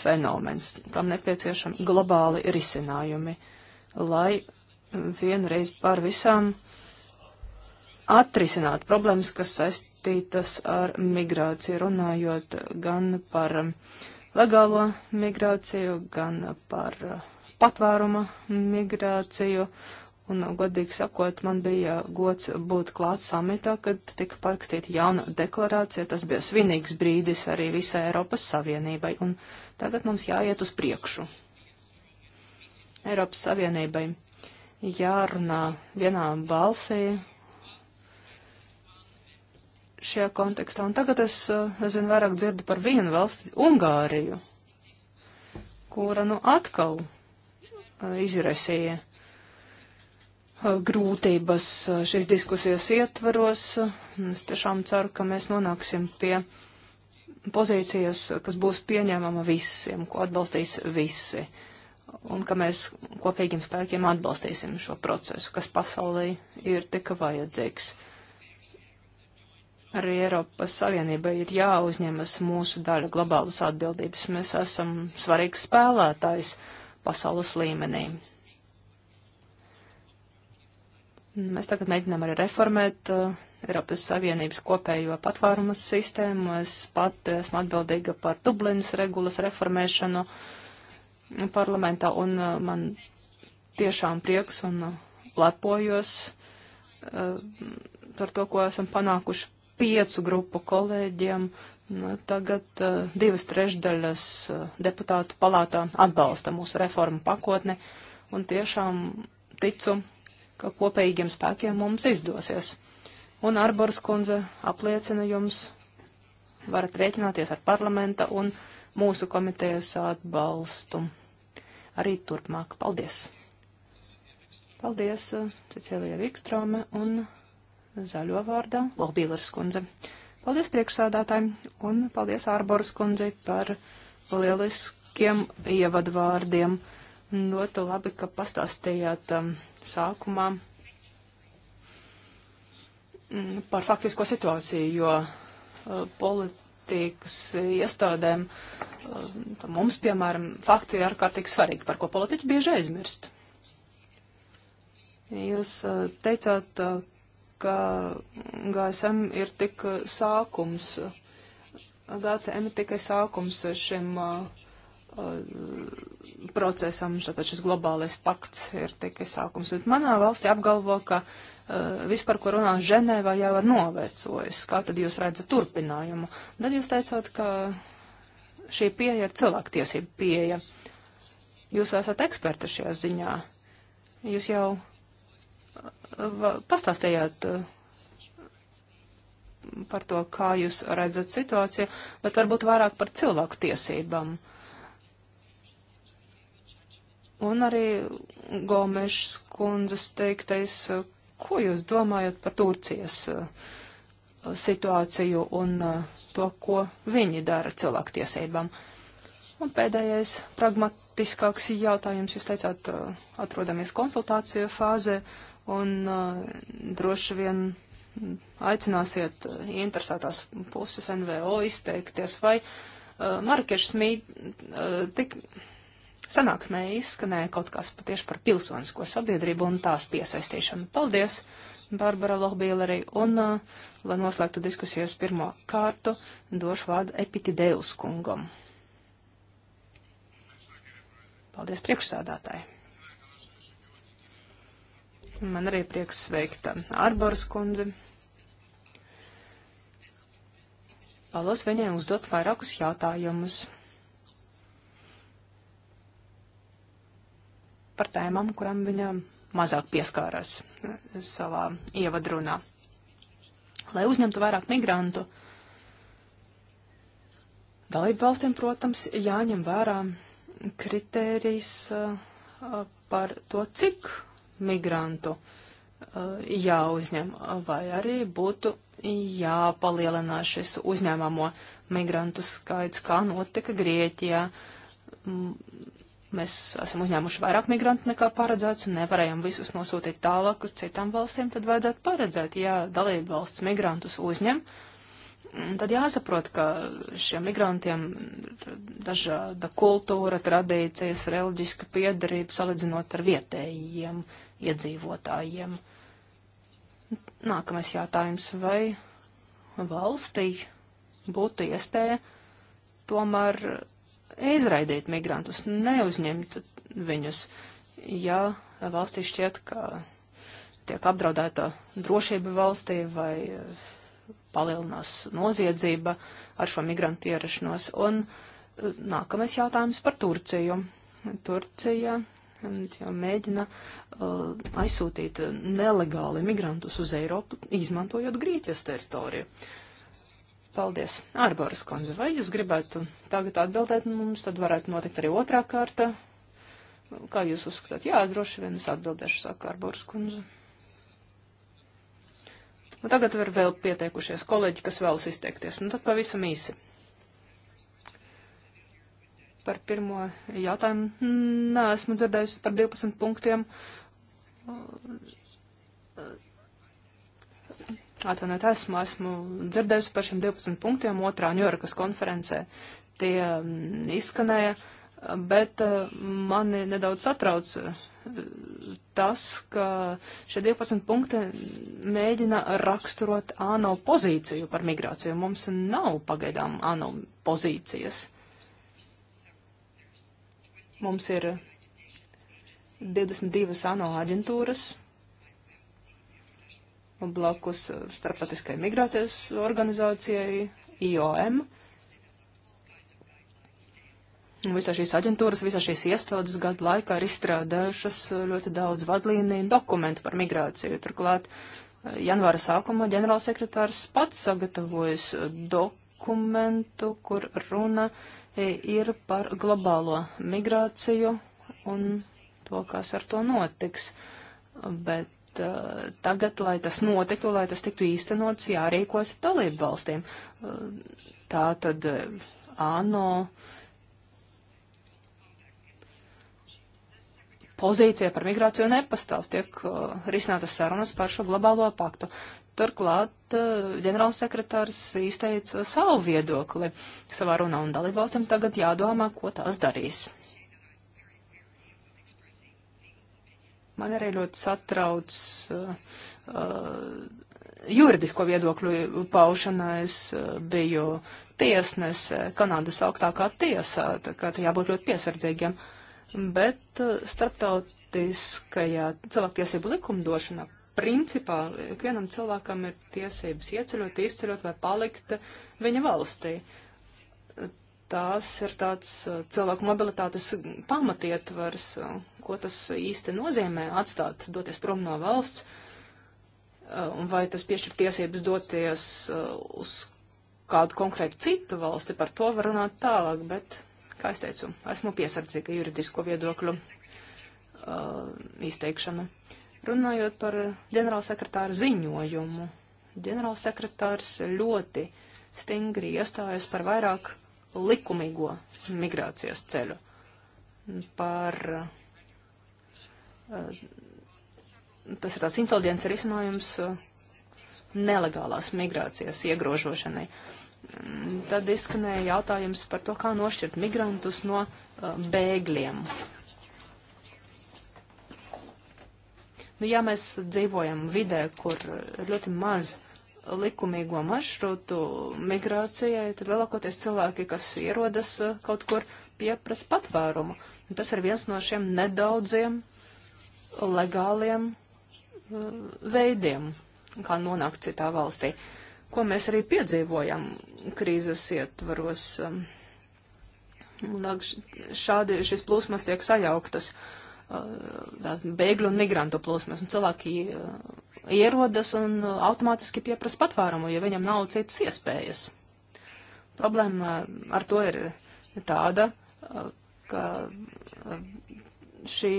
fenomens. Tam nepieciešami globāli risinājumi, lai vienreiz par visām atrisināt problēmas, kas saistītas ar migrāciju, runājot gan par legālo migrāciju, gan par uh, patvēruma migrāciju. Un, godīgi sakot, man bija gods būt klāt samitā, kad tika parakstīta jauna deklarācija. Tas bija svinīgs brīdis arī visai Eiropas Savienībai. Un tagad mums jāiet uz priekšu. Eiropas Savienībai jārunā vienā balsī šajā kontekstā. Un tagad es, eh, es zinu, vairāk dzirdu par vienu valsti - Ungāriju, kura nu atkal Eh, izraisīja eh, grūtības eh, šīs diskusijas ietvaros. Es tiešām ceru, ka mēs nonāksim pie pozīcijas, kas būs pieņēmama visiem, ko atbalstīs visi, un ka mēs kopīgiem spēkiem atbalstīsim šo procesu, kas pasaulē ir tik vajadzīgs. Arī Eiropas Savienība ir jāuzņemas mūsu daļa globālas atbildības. Mēs esam svarīgs spēlētājs. Uh, pasaules līmenī. Mēs tagad mēģinām arī reformēt uh, Eiropas Savienības kopējo patvērumu sistēmu. Es pat esmu atbildīga par Dublinas regulas reformēšanu parlamentā, un uh, man tiešām prieks un uh, lepojos uh, par to, ko esam panākuši piecu grupu kolēģiem. Nu, tagad uh, divas trešdaļas uh, deputātu palātā atbalsta mūsu reformu pakotni un tiešām ticu, ka kopējiem spēkiem mums izdosies. Un Arboras kundze apliecina jums, varat rēķināties ar parlamenta un mūsu komitejas atbalstu. Arī turpmāk. Paldies! Paldies, eh, Cecilija Vikstrāme un zaļo vārdā Lohbīlers kundze. Paldies priekšsādātājiem un paldies Ārboras kundzei par lieliskiem ievadvārdiem. Ļoti labi, ka pastāstījāt um, sākumā mm, par faktisko situāciju, jo uh, politikas iestādēm, uh, mums, piemēram, fakti ir ārkārtīgi svarīgi, par ko politiķi bieži aizmirst. Jūs uh, teicāt, uh, ka GSM ir tik uh, sākums, GCM ir tikai sākums šim uh, uh, procesam, tātad šis globālais pakts ir tikai sākums. Bet manā valstī apgalvo, ka uh, vispār, ko runā Ženēvā, jau ir novecojis. Kā tad jūs redzat turpinājumu? Tad jūs teicāt, ka šī pieeja ir cilvēktiesība pieeja. Jūs esat eksperti šajā ziņā. Jūs jau pastāstījāt eh, par to, kā jūs redzat situāciju, bet varbūt vairāk par cilvēku tiesībām. Un arī Gomešs kundzes teiktais, ko jūs domājat par Turcijas eh, situāciju un eh, to, ko viņi dara cilvēku tiesībām. Un pēdējais pragmatiskāks jautājums, jūs teicāt, atrodamies konsultāciju fāzē, uh, un uh, droši vien aicināsiet uh, interesētās puses NVO izteikties, vai uh, Marakešas mī uh, tik sanāksmē izskanēja kaut kas patieši par pilsonisko sabiedrību un tās piesaistīšanu. Paldies, Barbara Lohbīlerī, un, uh, lai noslēgtu diskusijas pirmo kārtu, došu vārdu Epitideus kungam. Paldies priekšsādātāji. Man arī prieks sveikt Arboras kundzi. Palos viņai uzdot vairākus jautājumus par tēmām, kurām viņa mazāk pieskārās savā ievadrunā. Lai uzņemtu vairāk migrantu, dalību valstīm, protams, jāņem vērā kritērijs uh, par to, cik migrantu eh, jāuzņem, vai arī būtu jāpalielinā šis uzņēmamo migrantu skaits, kā notika Grieķijā. Mēs esam uzņēmuši vairāk migrantu nekā paredzēts un nevarējām visus nosūtīt tālāk uz citām valstīm, tad vajadzētu paredzēt, ja dalība valsts migrantus uzņem, tad jāsaprot, ka šiem migrantiem dažāda kultūra, tradīcijas, reliģiska piedarība salīdzinot ar vietējiem. Uh, iedzīvotājiem. Nākamais jautājums, vai valstī būtu iespēja tomēr izraidīt migrantus, neuzņemt viņus, ja valstī šķiet, ka tiek apdraudēta drošība valstī vai palielinās noziedzība ar šo migrantu ierašanos. Un nākamais jautājums par Turciju. Turcija jau mēģina uh, aizsūtīt nelegāli migrantus uz Eiropu, izmantojot Grieķijas teritoriju. Paldies. Ārboras konze, vai jūs gribētu tagad atbildēt mums, tad varētu notikt arī otrā kārta. Kā jūs uzskatāt? Jā, droši vien es atbildēšu, saka Ārboras konze. Un tagad var vēl pieteikušies kolēģi, kas vēlas izteikties. Nu, tad pavisam īsi. Par pirmo jautājumu nē, esmu dzirdējusi par 12 punktiem. Atvainojiet, esmu, esmu dzirdējusi par šiem 12 punktiem otrā Ņujorkas konferencē. Tie mm, izskanēja, bet mm, mani nedaudz satrauc mm, tas, ka šie 12 punkti mēģina raksturot ANO pozīciju par migrāciju. Mums nav pagaidām ANO pozīcijas. Mums ir 22 ANO aģentūras blakus starptautiskai migrācijas organizācijai IOM. Visā šīs aģentūras, visā šīs iestādes gadu laikā ir izstrādājušas ļoti daudz vadlīniju un dokumentu par migrāciju. Turklāt eh, janvāra sākumā ģenerālsekretārs pats sagatavojas dokumentu, kur runa ir E, ir par globālo migrāciju un to, kas ar to notiks. Bet uh, tagad, lai tas notiktu, lai tas tiktu īstenots, jārīkojas dalību valstīm. Uh, tā tad uh, ANO pozīcija par migrāciju nepastāv, tiek uh, risinātas sarunas par šo globālo paktu. Turklāt eh, ģenerālsekretārs izteica savu viedokli savā runā un dalībvalstīm tagad jādomā, ko tās darīs. Man arī ļoti satrauc uh, uh, juridisko viedokļu paušanā es biju tiesnes Kanādas augstākā tiesā, tā kā te jābūt ļoti piesardzīgiem. Bet starptautiskajā cilvēktiesību likumdošanā principā ikvienam cilvēkam ir tiesības ieceļot, izceļot vai palikt viņa valstī. Tās ir tāds uh, cilvēku mobilitātes pamatietvars, uh, ko tas īsti nozīmē atstāt, doties prom no valsts, uh, vai tas piešķir tiesības doties uz kādu konkrētu citu valsti, par to var runāt tālāk, bet, kā es teicu, esmu piesardzīga juridisko viedokļu uh, izteikšana. Uh, Runājot par ģenerālsekretāra ziņojumu, ģenerālsekretārs ļoti stingri iestājas par vairāk likumīgo migrācijas ceļu, par eh, tas ir tāds inteliģents risinājums eh, nelegālās migrācijas iegrožošanai. Mm, tad izskanēja jautājums par to, kā nošķirt migrantus no eh, bēgļiem. Nu, ja mēs dzīvojam vidē, kur ļoti maz likumīgo maršrutu migrācijai, tad lielākoties cilvēki, kas ierodas eh, kaut kur, pieprasa patvērumu. Un tas ir viens no šiem nedaudziem legāliem eh, veidiem, kā nonākt citā valstī, ko mēs arī piedzīvojam krīzes ietvaros. Eh, šādi šīs plūsmas tiek sajauktas. Uh, bēgļu un migrantu plūsmas, un cilvēki ierodas un automātiski pieprasa patvērumu, ja viņam nav citas iespējas. Problēma ar to ir tāda, ka šī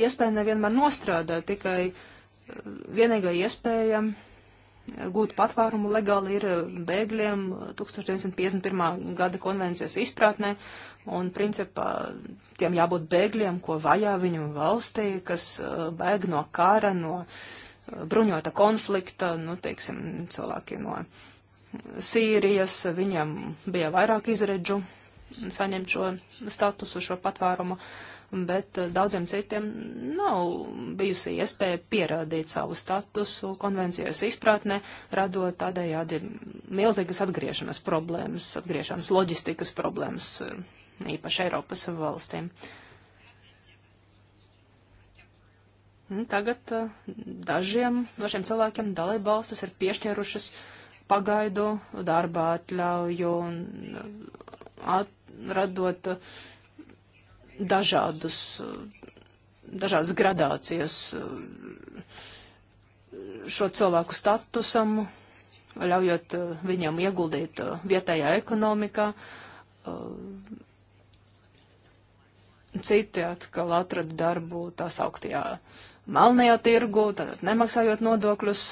iespēja nevienmēr nostrādā, tikai vienīgā iespēja uh, gūt patvērumu legāli ir eh, bēgļiem 1951. Eh, gada konvencijas izpratnē, un principā tiem jābūt bēgļiem, ko vajā viņu valstī, kas eh, bēg no kara, no bruņota konflikta, nu, teiksim, cilvēki no mm, Sīrijas, viņiem bija vairāk izredžu saņemt šo statusu, šo patvērumu. Uh, bet eh, daudziem citiem nav bijusi iespēja pierādīt savu statusu konvencijas izpratnē, radot tādējādi milzīgas atgriešanas problēmas, atgriešanas loģistikas problēmas eh, īpaši Eiropas valstīm. Tagad eh, dažiem no šiem cilvēkiem dalībvalstis ir piešķērušas pagaidu darba atļauju un at, radot uh, dažādus, dažādas gradācijas šo cilvēku statusam, ļaujot eh, viņiem ieguldīt eh, vietējā ekonomikā. Eh, citi atkal atrada darbu tā sauktajā melnajā tirgu, tātad nemaksājot nodokļus,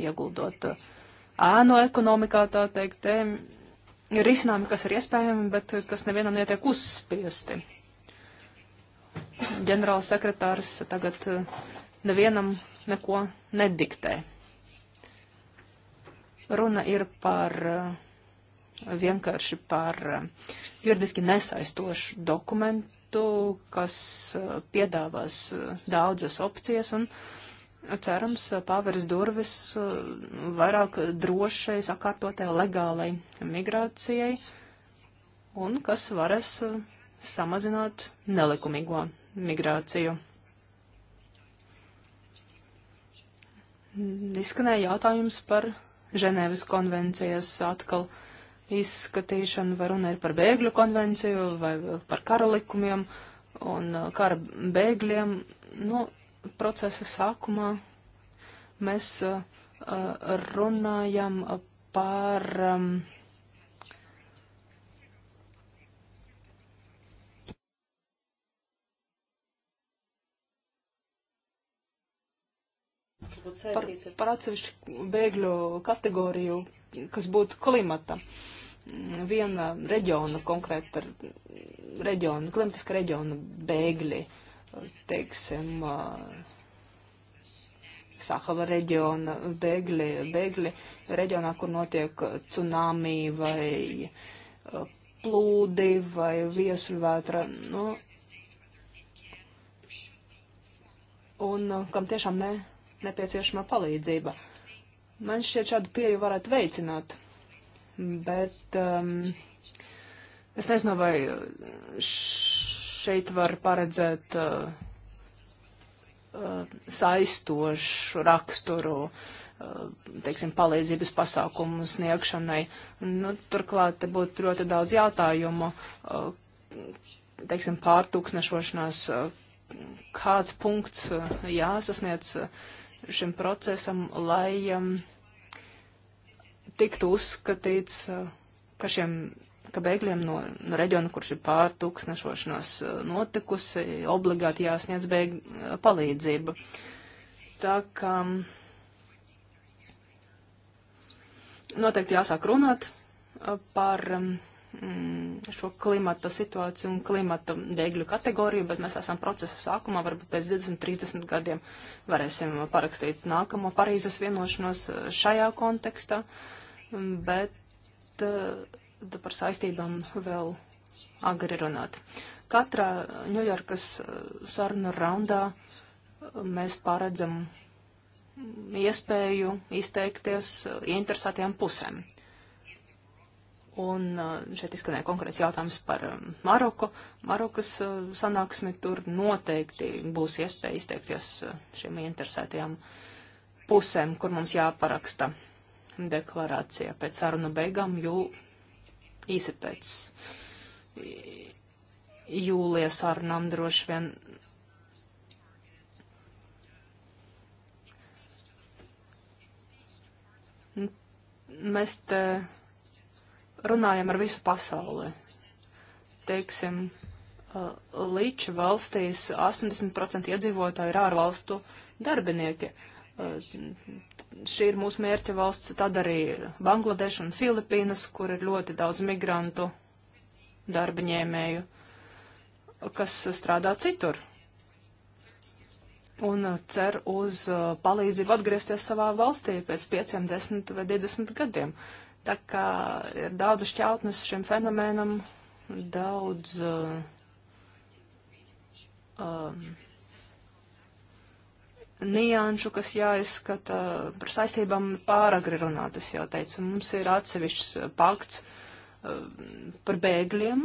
ieguldot ēnu ekonomikā, tā teikt, risinājumi, kas ir iespējami, bet kas nevienam netiek uzspiesti ģenerālsekretārs tagad eh, nevienam neko nediktē. Runa ir par eh, vienkārši par eh, juridiski nesaistošu dokumentu, kas piedāvās daudzas opcijas un cerams paveras durvis vairāk drošai, sakārtotai, legālai migrācijai un kas varēs samazināt nelikumīgo migrāciju. Izskanēja jautājums par Ženēvas konvencijas atkal izskatīšanu, vai runa ir par bēgļu konvenciju, vai par kara likumiem un uh, kara bēgļiem. Nu, procesa sākumā mēs uh, uh, runājam par um, par, par atsevišķu bēgļu kategoriju, kas būtu klimata. Viena reģiona, konkrēta reģiona, klimatiska reģiona bēgļi, teiksim, Sahava reģiona bēgļi, bēgļi reģionā, kur notiek tsunami vai plūdi vai viesuļvētra. Nu, un kam tiešām ne nepieciešamā palīdzība. Man šķiet, šādu pieju varētu veicināt, bet um, es nezinu, vai šeit var paredzēt uh, uh, saistošu raksturu. Uh, teiksim, palīdzības pasākumu sniegšanai. Nu, turklāt būtu ļoti daudz jautājumu, uh, teiksim, pārtūksnešošanās, uh, kāds punkts uh, jāsasniedz, šim procesam, lai um, tiktu uzskatīts, uh, ka šiem ka bēgļiem no, no reģiona, kurš ir pārtūkstnešošanās uh, notikusi, obligāti jāsniedz bēg, uh, palīdzība. Tā kā um, noteikti jāsāk runāt par um, Mm, šo klimata situāciju un klimata bēgļu kategoriju, bet mēs esam procesa sākumā, varbūt pēc 20, 30 gadiem varēsim parakstīt nākamo Parīzes vienošanos eh, šajā kontekstā, mm, bet eh, par saistībām vēl agri runāt. Katrā Ņujorkas eh, saruna raundā mēs paredzam mm, iespēju izteikties interesētajām pusēm. Un uh, šeit izskanēja konkrēts jautājums par um, Maroku. Marokas uh, sanāksmi tur noteikti būs iespēja izteikties uh, šiem interesētajām pusēm, kur mums jāparaksta deklarācija pēc sarunu beigām, jo īsi pēc jūlija sarunām droši vien. Mēs te. Uh, runājam ar visu pasauli. Teiksim, uh, līča valstīs 80% iedzīvotāji ir ārvalstu darbinieki. Uh, šī ir mūsu mērķa valsts, tad arī Bangladeša un Filipīnas, kur ir ļoti daudz migrantu darbiņēmēju, kas strādā citur un uh, cer uz palīdzību atgriezties savā valstī pēc 5, 10 vai 20 gadiem. Tā kā ir daudz šķautnes šim fenomenam, daudz uh, um, nianšu, kas jāizskata par saistībām pāragri runāt, es jau teicu. Mums ir atsevišķs pakts uh, par bēgļiem,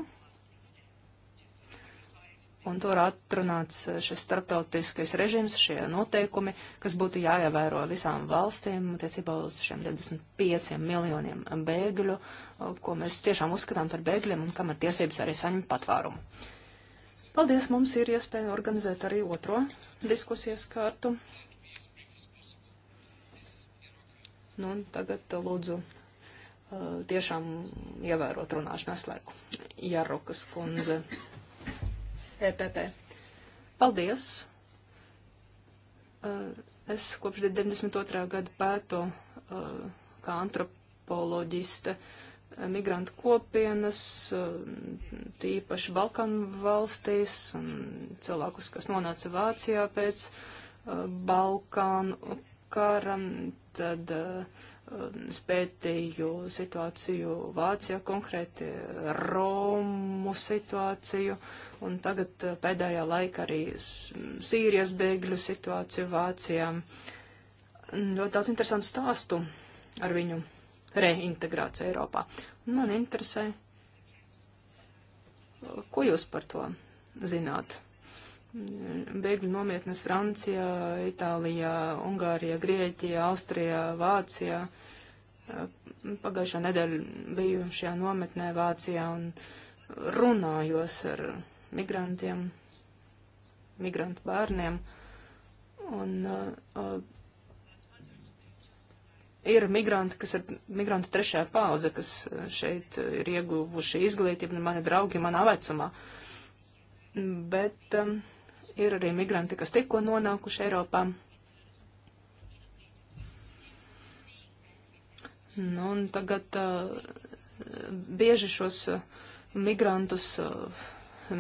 un tur atrunāts eh, šis starptautiskais režīms, šie noteikumi, kas būtu jāievēro visām valstīm attiecībā uz šiem 25 miljoniem bēgļu, eh, ko mēs tiešām uzskatām par bēgļiem un kam ir tiesības arī saņemt patvērumu. Paldies, mums ir iespēja organizēt arī otro diskusijas kārtu. Nu, tagad eh, lūdzu tiešām ievērot runāšanas laiku. Jarokas kundze. EPP. Paldies! Uh, es kopš 92. gada pētu uh, kā antropoloģiste uh, migrantu kopienas, tīpaši Balkanu valstīs un cilvēkus, kas nonāca Vācijā pēc Balkānu kara, tad uh, es pētīju situāciju Vācijā, konkrēti Romu situāciju, un tagad eh, pēdējā laika arī Sīrijas bēgļu situāciju Vācijā. Ļoti daudz interesantu stāstu ar viņu reintegrāciju Eiropā. Un man interesē, ko jūs par to zināt? bēgļu nometnes Francijā, Itālijā, Ungārijā, Grieķijā, Austrijā, Vācijā. Pagājušā nedēļa biju šajā nometnē Vācijā un runājos ar migrantiem, migrantu bērniem. Un, uh, uh ir migranti, kas ir migranti trešā paudze, kas šeit ir ieguvuši izglītību, mani draugi manā vecumā. Bet um, ir arī migranti, kas tikko nonākuši Eiropā. Nu, un tagad uh, bieži šos uh, migrantus uh,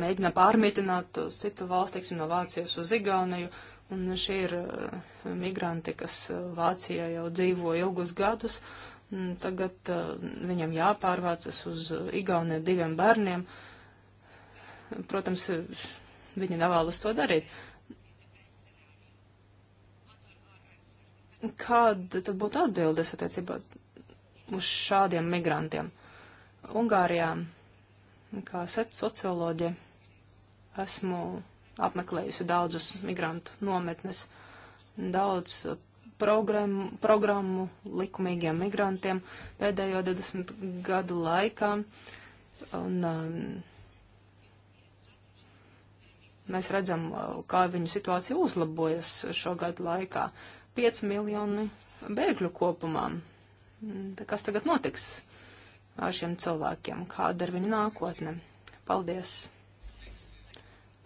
mēģina pārmitināt uz citu valstu, teiksim, no Vācijas uz Igauniju. Un šie ir uh, migranti, kas uh, Vācijā jau dzīvo ilgus gadus. Un tagad uh, viņam jāpārvācas uz Igauniju diviem bērniem. Protams, Viņi nevēlas to darīt. Kāda tad būtu atbildes attiecībā uz šādiem migrantiem? Ungārijā, kā socioloģija, esmu apmeklējusi daudzus migrantu nometnes, daudz programmu, programmu likumīgiem migrantiem pēdējo 20 gadu laikā. Un um, Mēs redzam, uh, kā viņu situācija uzlabojas šo gadu laikā. 5 miljoni bēgļu kopumā. Mm, Tā kas tagad notiks ar šiem cilvēkiem? Kāda ir viņa nākotne? Paldies!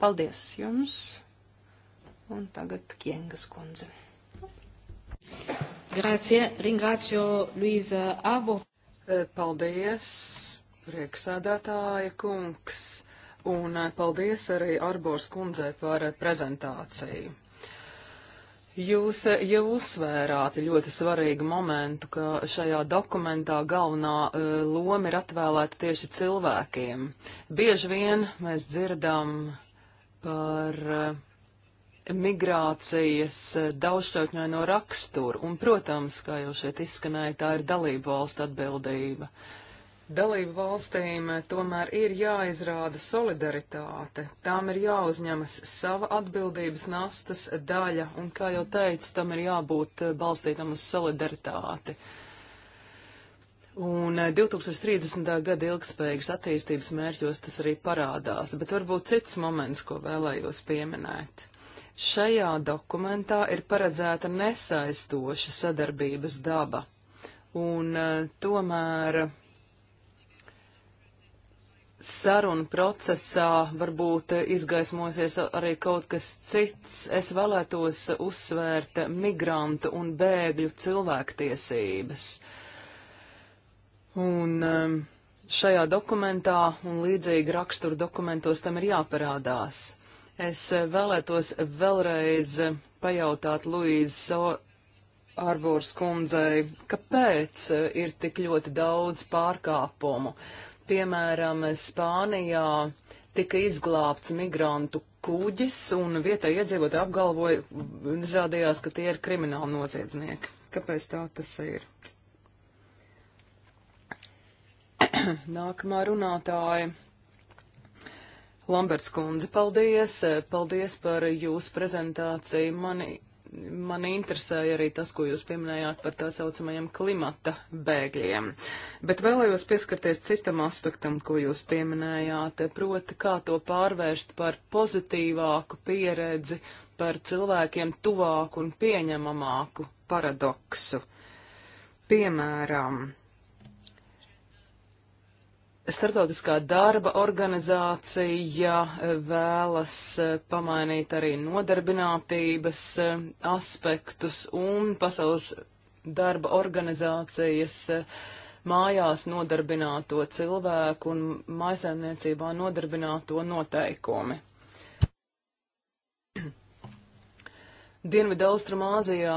Paldies jums! Un tagad Kiengas kundze. Grazie, ringācio Luisa Abu. Eh, paldies, prieksādātāja kungs un eh, paldies arī Arbors kundzei par eh, prezentāciju. Jūs eh, jau uzsvērāt ļoti svarīgu momentu, ka šajā dokumentā galvenā uh, loma ir atvēlēta tieši cilvēkiem. Bieži vien mēs dzirdam par uh, migrācijas daudzšķautņaino raksturu, un, protams, kā jau šeit izskanēja, tā ir dalību valstu atbildība. Uh, Dalību valstīm eh, tomēr ir jāizrāda solidaritāte, tām ir jāuzņemas sava atbildības nastas daļa, un, kā jau teicu, tam ir jābūt eh, balstītam uz solidaritāti. Un 2030. Eh, gada ilgspējīgas attīstības mērķos tas arī parādās, bet varbūt cits moments, ko vēlējos pieminēt. Šajā dokumentā ir paredzēta nesaistoša sadarbības daba, un tomēr sarunu procesā varbūt izgaismosies arī kaut kas cits. Es vēlētos uzsvērt migrantu un bēgļu cilvēktiesības. Un um, šajā dokumentā un līdzīgi raksturu dokumentos tam ir jāparādās. Es vēlētos vēlreiz pajautāt Luīzi so Arbūras kundzei, kāpēc ir tik ļoti daudz pārkāpumu. Uh, Piemēram, Spānijā tika izglābts migrantu kuģis, un vietai iedzīvotāji apgalvoja, izrādījās, ka tie ir krimināli noziedznieki. Kāpēc tā tas ir? Nākamā runātāja. Lamberts kundze, paldies, paldies par jūsu prezentāciju. Mani man interesēja arī tas, ko jūs pieminējāt par tā saucamajiem klimata bēgļiem. Bet vēlējos pieskarties citam aspektam, ko jūs pieminējāt, proti, kā to pārvērst par pozitīvāku pieredzi, par cilvēkiem tuvāku un pieņemamāku paradoksu. Piemēram, Startautiskā darba organizācija eh, vēlas eh, pamainīt arī nodarbinātības eh, aspektus un pasaules darba organizācijas mājās nodarbināto cilvēku un maisaimniecībā nodarbināto noteikumi. Dienvidaustrumāzijā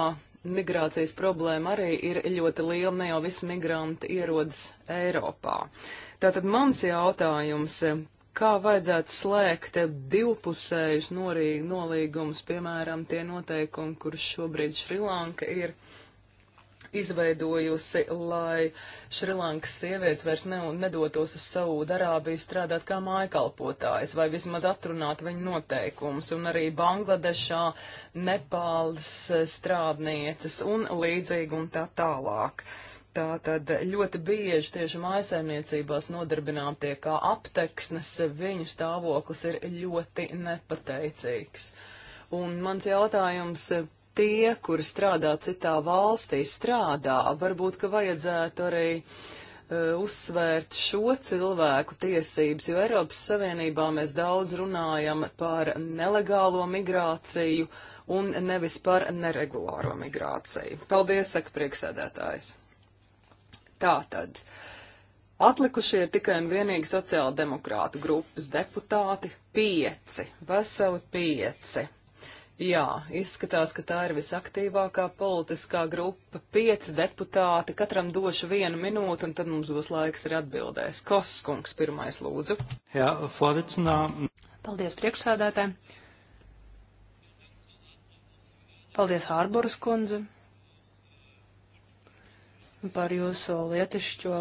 migrācijas problēma arī ir ļoti liela, ne jau visi migranti ierodas Eiropā. Uh, Tātad mans jautājums, e, kā vajadzētu slēgt divpusējus nolīgumus, piemēram, tie noteikumi, kurus šobrīd Šrilanka ir izveidojusi, lai Šrilankas sievietes vairs ne, nedotos uz Saūda-Arābiju strādāt kā mājkalpotājs, vai vismaz atrunāt viņu noteikumus, un arī Bangladešā, Nepāles e, strādnieces un līdzīgi un tā tālāk. Uh, Tātad ļoti bieži tieši mājasaimniecībās nodarbinātie kā apteksnes, viņu stāvoklis ir ļoti nepateicīgs. Un mans jautājums tie, kur strādā citā valstī, strādā, varbūt, ka vajadzētu arī uh, uzsvērt šo cilvēku tiesības, jo Eiropas Savienībā mēs daudz runājam par nelegālo migrāciju un nevis par neregulāro migrāciju. Paldies, saka priekšsēdētājs. Tātad. Atlikušie ir tikai un vienīgi sociāldemokrātu grupas deputāti - pieci, veseli pieci. Jā, izskatās, ka tā ir visaktīvākā politiskā grupa - pieci deputāti, katram došu vienu minūtu, un tad mums būs laiks arī atbildēs. Koskungs pirmais lūdzu. Jā, Floricinā. Paldies priekšsēdētē. Paldies Hārboras kundze par jūsu lietišķo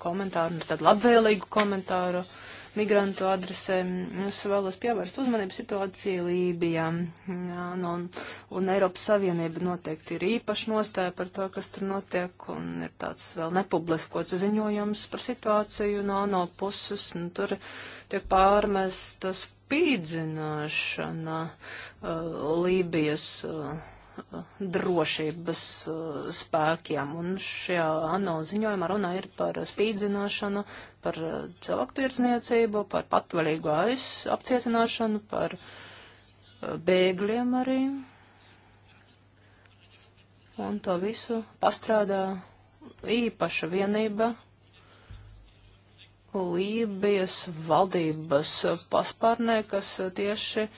komentāru, un tad labvēlīgu komentāru migrantu adresē. Es vēlos pievērst uzmanību situāciju Lībijā, jā, nu, un, un Eiropas Savienība noteikti ir īpaši nostāja par to, kas tur notiek, un ir tāds vēl nepubliskots ziņojums par situāciju no ANO puses, un tur tiek pārmestas spīdzināšana uh, Lībijas. Uh, drošības uh, spēkiem. Un šajā ANO ziņojumā runā ir par spīdzināšanu, par uh, cilvēku tirdzniecību, par patvaļīgu aiz apcietināšanu, par uh, bēgļiem arī. Un to visu pastrādā īpaša vienība Lībijas valdības paspārnē, kas tieši uh,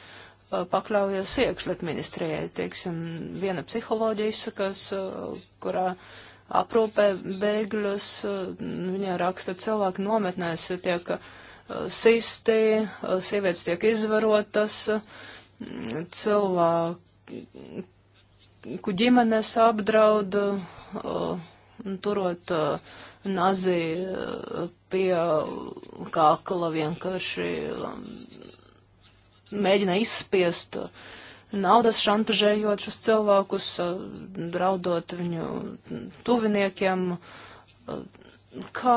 pakļaujas iekšļiet ministrijai. Teiksim, viena psiholoģija izsakās, eh, kurā aprūpē bēgļus, eh, viņai raksta cilvēki nometnēs, tiek eh, sisti, sievietes tiek izvarotas, mm, cilvēku ģimenes apdraud, turot nazi pie kākala vienkārši mēģināja izspiest uh, naudas, šantažējot šos cilvēkus, uh, draudot viņu tuviniekiem. Uh, kā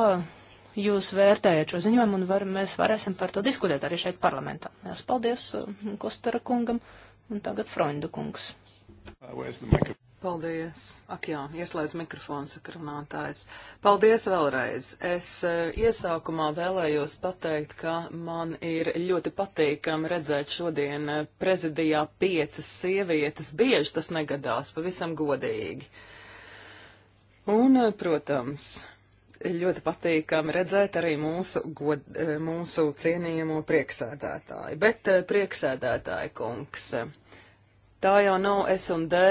jūs vērtējat šo ziņojumu un var, mēs varēsim par to diskutēt arī šeit parlamentā? Es paldies Kostara kungam un tagad Freundu kungs. Uh, Paldies. Ak jā, ieslēdz mikrofons sakarunātājs. Paldies vēlreiz. Es eh, iesākumā vēlējos pateikt, ka man ir ļoti patīkami redzēt šodien eh, prezidijā piecas sievietes. Bieži tas negadās, pavisam godīgi. Un, eh, protams, ļoti patīkami redzēt arī mūsu, god, mūsu cienījamo prieksēdētāju. Bet prieksēdētāja kungs. Tā jau nav S un D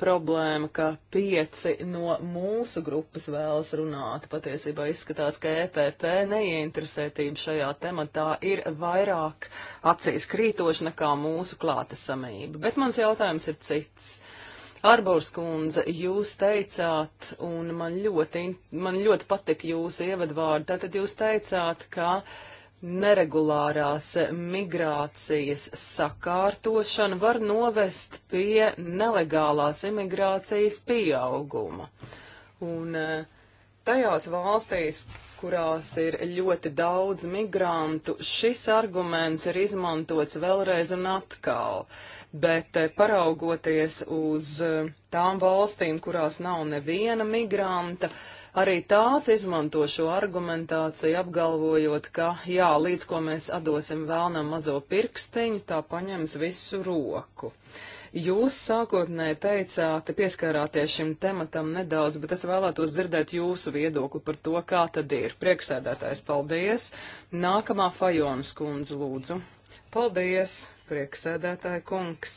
problēma, ka pieci no mūsu grupas vēlas runāt. Patiesībā izskatās, ka EPP neinteresētība šajā tematā ir vairāk acīs krītoša nekā mūsu klātesamība. Bet mans jautājums ir cits. Arbors kundze, jūs teicāt, un man ļoti, man ļoti patika jūsu ievadvārdi, tātad jūs teicāt, ka uh, neregulārās migrācijas sakārtošana var novest pie nelegālās imigrācijas pieauguma. Un eh, tajās valstīs, kurās ir ļoti daudz migrantu, šis arguments ir izmantots vēlreiz un atkal, bet eh, paraugoties uz eh, tām valstīm, kurās nav neviena migranta, uh, Arī tās izmanto šo argumentāciju, apgalvojot, ka jā, līdz ko mēs atdosim vēlnam mazo pirkstiņu, tā paņems visu roku. Jūs sākotnēji teicāt, pieskārāties šim tematam nedaudz, bet es vēlētos dzirdēt jūsu viedokli par to, kā tad ir. Prieksēdētājs, paldies. Nākamā Fajonas kundze lūdzu. Paldies, prieksēdētāja kungs.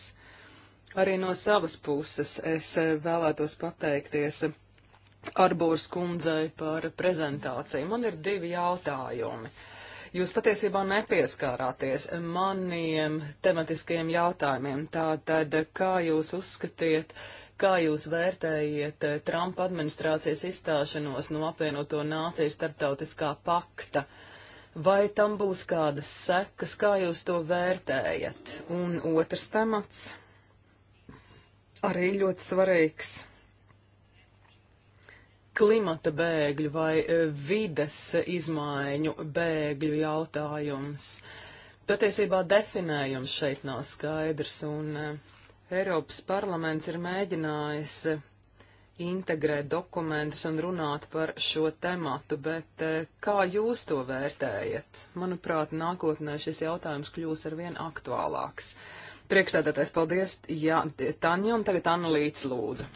Arī no savas puses es vēlētos pateikties Arbūras kundzei par prezentāciju. Man ir divi jautājumi. Jūs patiesībā nepieskārāties maniem tematiskajiem jautājumiem. Tātad, kā jūs uzskatiet, kā jūs vērtējiet Trumpa administrācijas izstāšanos no apvienoto nāciju starptautiskā pakta? Vai tam būs kādas sekas, kā jūs to vērtējat? Un otrs temats, arī ļoti svarīgs klimata bēgļu vai e, vides izmaiņu bēgļu jautājums. Patiesībā definējums šeit nav skaidrs, un e, Eiropas parlaments ir mēģinājis e, integrēt dokumentus un runāt par šo tematu, bet kā jūs to vērtējat? Manuprāt, nākotnē šis jautājums kļūs arvien aktuālāks. Priekšsēdētājs, paldies, Jā, Tanja, un tagad Anna Līdz lūdzu.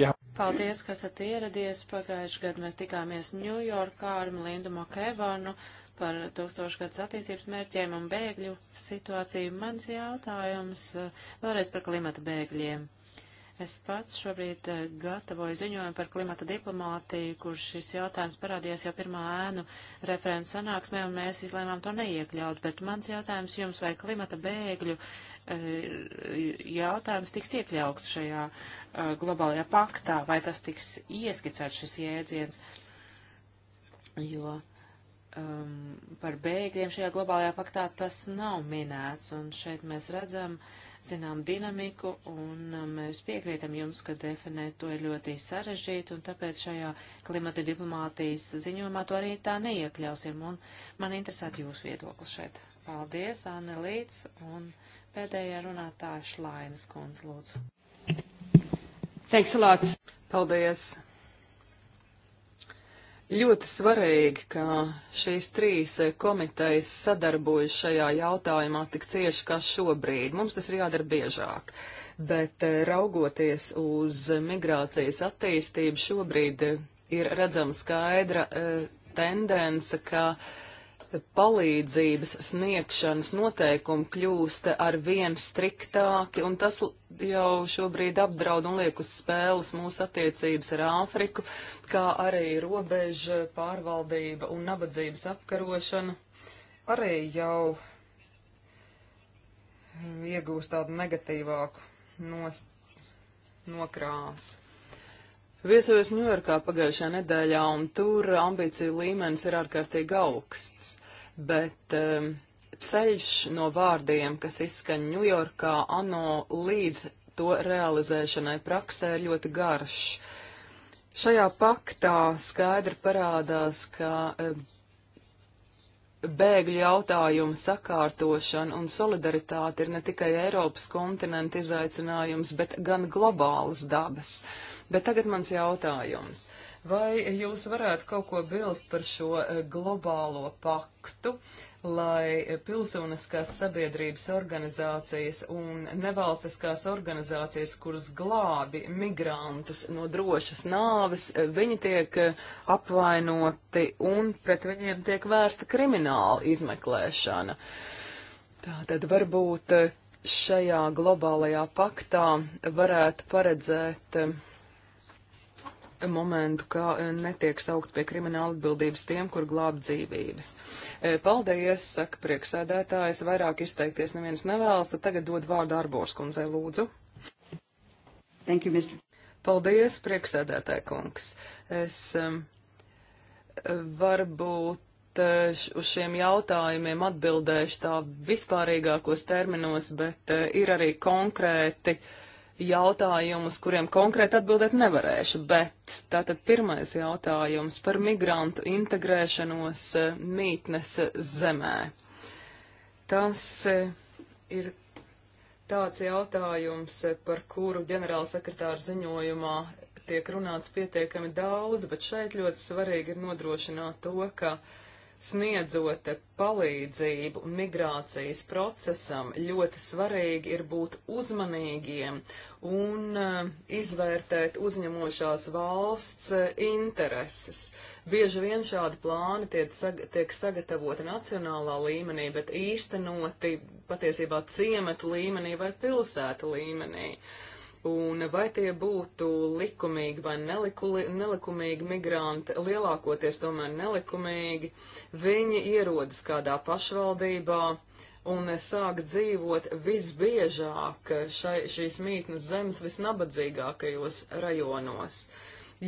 Jā. Paldies, ka esat ieradies. Pagājuši gadu mēs tikāmies Ņujorkā ar Melindu Makevanu par tūkstošgadus attīstības mērķiem un bēgļu situāciju. Mans jautājums eh, vēlreiz par klimata bēgļiem. Es pats šobrīd eh, gatavoju ziņojumu par klimata diplomātiju, kur šis jautājums parādījās jau pirmā ēnu referentu sanāksmē, un mēs izlēmām to neiekļaut. Bet mans jautājums jums, vai klimata bēgļu eh, jautājums tiks iekļauts šajā eh, globālajā paktā, vai tas tiks ieskicēts šis jēdziens, jo um, par bēgļiem šajā globālajā paktā tas nav minēts, un šeit mēs redzam, uh, zinām dinamiku, un um, mēs piekrītam jums, ka definēt to ir ļoti sarežģīti, un tāpēc šajā klimata diplomātijas ziņojumā to arī tā neiekļausim, un man interesētu jūsu viedoklis šeit. Paldies, Anne Līts, un pēdējā runātāja Šlainas kundze, lūdzu. Thanks a lot. Paldies. Ļoti svarīgi, ka šīs trīs eh, komitejas sadarbojas šajā jautājumā tik cieši kā šobrīd. Mums tas ir jādara biežāk. Bet eh, raugoties uz migrācijas attīstību, šobrīd eh, ir redzama skaidra e, tendence, ka uh, palīdzības sniegšanas noteikumi kļūst ar vien striktāki, un tas jau šobrīd apdraud un liek uz spēles mūsu attiecības ar Āfriku, kā arī robeža pārvaldība un nabadzības apkarošana arī jau iegūst tādu negatīvāku nos, nokrāsu. Viesojos Ņujorkā pagājušajā nedēļā, un tur ambīciju līmenis ir ārkārtīgi augsts, bet um, ceļš no vārdiem, kas izskan Ņujorkā, ANO līdz to realizēšanai praksē ir ļoti garš. Šajā paktā skaidri parādās, ka um, bēgļu jautājumu sakārtošana un solidaritāte ir ne tikai Eiropas kontinenta izaicinājums, bet gan globālas dabas. Uh, Bet tagad mans jautājums. Vai jūs varētu kaut ko bilst par šo eh, globālo paktu, lai pilsoniskās sabiedrības organizācijas un nevalstiskās organizācijas, kuras glābi migrantus no drošas nāves, eh, viņi tiek eh, apvainoti un pret viņiem tiek vērsta krimināla izmeklēšana? Tātad varbūt šajā globālajā paktā varētu paredzēt momentu, ka e, netiek saukt pie krimināla atbildības tiem, kur glābt dzīvības. E, paldies, saka priekšsēdētājs, vairāk izteikties neviens nevēlas, tad tagad dod vārdu Arborskundzei, lūdzu. Thank you, Mr. Paldies, priekšsēdētāja kungs. Es um, varbūt e, uz šiem jautājumiem atbildēšu tā vispārīgākos terminos, bet uh, ir arī konkrēti uh, jautājumus, kuriem konkrēti atbildēt nevarēšu, bet tātad pirmais jautājums par migrantu integrēšanos eh, mītnes zemē. Tas eh, ir tāds jautājums, eh, par kuru ģenerālsekretāra ziņojumā tiek runāts pietiekami daudz, bet šeit ļoti svarīgi ir nodrošināt to, ka uh, sniedzot palīdzību migrācijas procesam, ļoti svarīgi ir būt uzmanīgiem un eh, izvērtēt uzņemošās valsts eh, intereses. Bieži vien šādi plāni tiek, sag tiek sagatavoti nacionālā līmenī, bet īstenoti patiesībā ciemetu līmenī vai pilsētu līmenī. Uh, Un vai tie būtu likumīgi vai nelikuli, nelikumīgi migranti, lielākoties tomēr nelikumīgi, viņi ierodas kādā pašvaldībā un sāk dzīvot visbiežāk šai, šīs mītnes zemes visnabadzīgākajos rajonos.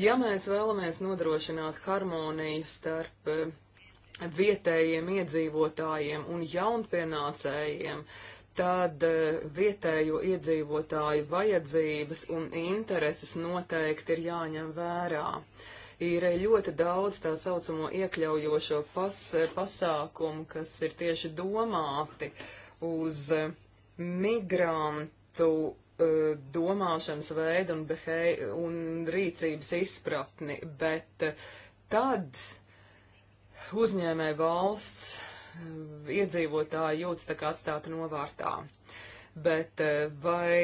Ja mēs vēlamies nodrošināt harmoniju starp eh, vietējiem iedzīvotājiem un jaunpienācējiem, tad eh, vietējo iedzīvotāju vajadzības un intereses noteikti ir jāņem vērā. Ir ļoti daudz tā saucamo iekļaujošo pas, pasākumu, kas ir tieši domāti uz eh, migrantu eh, domāšanas veidu un, behei, un rīcības izpratni, bet tad uzņēmē valsts iedzīvotāji jūtas tā kā atstāti novārtā. Bet eh, vai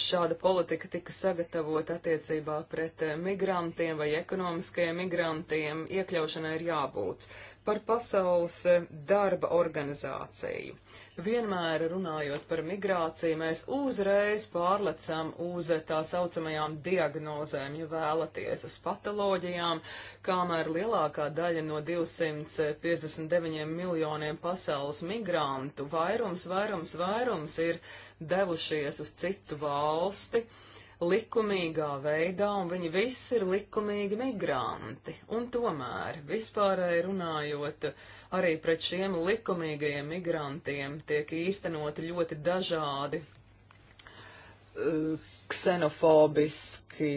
šāda politika tika sagatavota attiecībā pret eh, migrantiem vai ekonomiskajiem migrantiem, iekļaušanai ir jābūt. Par pasaules eh, darba organizāciju. Vienmēr runājot par migrāciju, mēs uzreiz pārlecam uz eh, tā saucamajām diagnozēm, ja vēlaties, uz patoloģijām, kamēr lielākā daļa no 259 miljoniem pasaules migrantu vairums, vairums, vairums ir devušies uz citu valsti likumīgā veidā, un viņi visi ir likumīgi migranti. Un tomēr, vispārēji runājot, arī pret šiem likumīgajiem migrantiem tiek īstenoti ļoti dažādi uh, ksenofobiski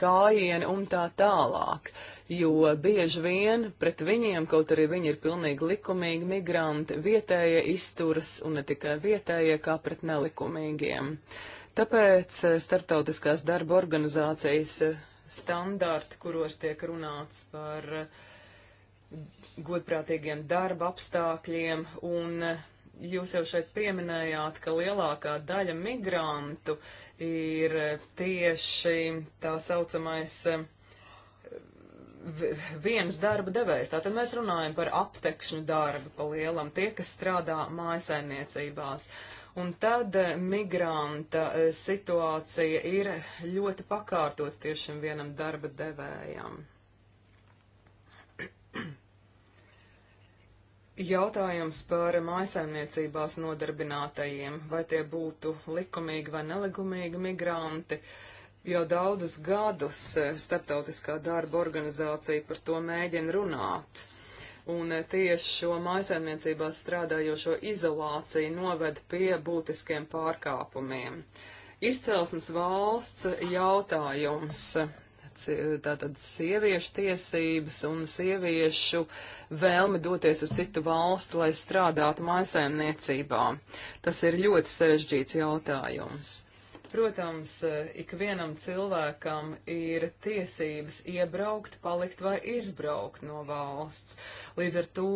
gājieni un tā tālāk, jo bieži vien pret viņiem, kaut arī viņi ir pilnīgi likumīgi migranti, vietējie izturas un ne tikai vietējie kā pret nelikumīgiem. Tāpēc eh, starptautiskās darba organizācijas eh, standarti, kuros tiek runāts par eh, godprātīgiem darba apstākļiem un Jūs jau šeit pieminējāt, ka lielākā daļa migrantu ir tieši tā saucamais eh, viens darba devējs. Tātad mēs runājam par aptekšņu darbu pa lielam, tie, kas strādā mājasaimniecībās. Un tad eh, migranta eh, situācija ir ļoti pakārtot tieši šim vienam darba devējam. Jautājums par mājasaimniecībās nodarbinātajiem, vai tie būtu likumīgi vai nelegumīgi migranti. Jau daudzus gadus eh, Startautiskā darba organizācija par to mēģina runāt. Un eh, tieši šo mājasaimniecībās strādājošo izolāciju noved pie būtiskiem pārkāpumiem. Izcelsmes valsts jautājums E, tātad sieviešu tiesības un sieviešu vēlmi doties uz citu valstu, lai strādātu mājasēmniecībā. Tas ir ļoti sarežģīts jautājums. Protams, e, ikvienam cilvēkam ir tiesības iebraukt, palikt vai izbraukt no valsts. Līdz ar to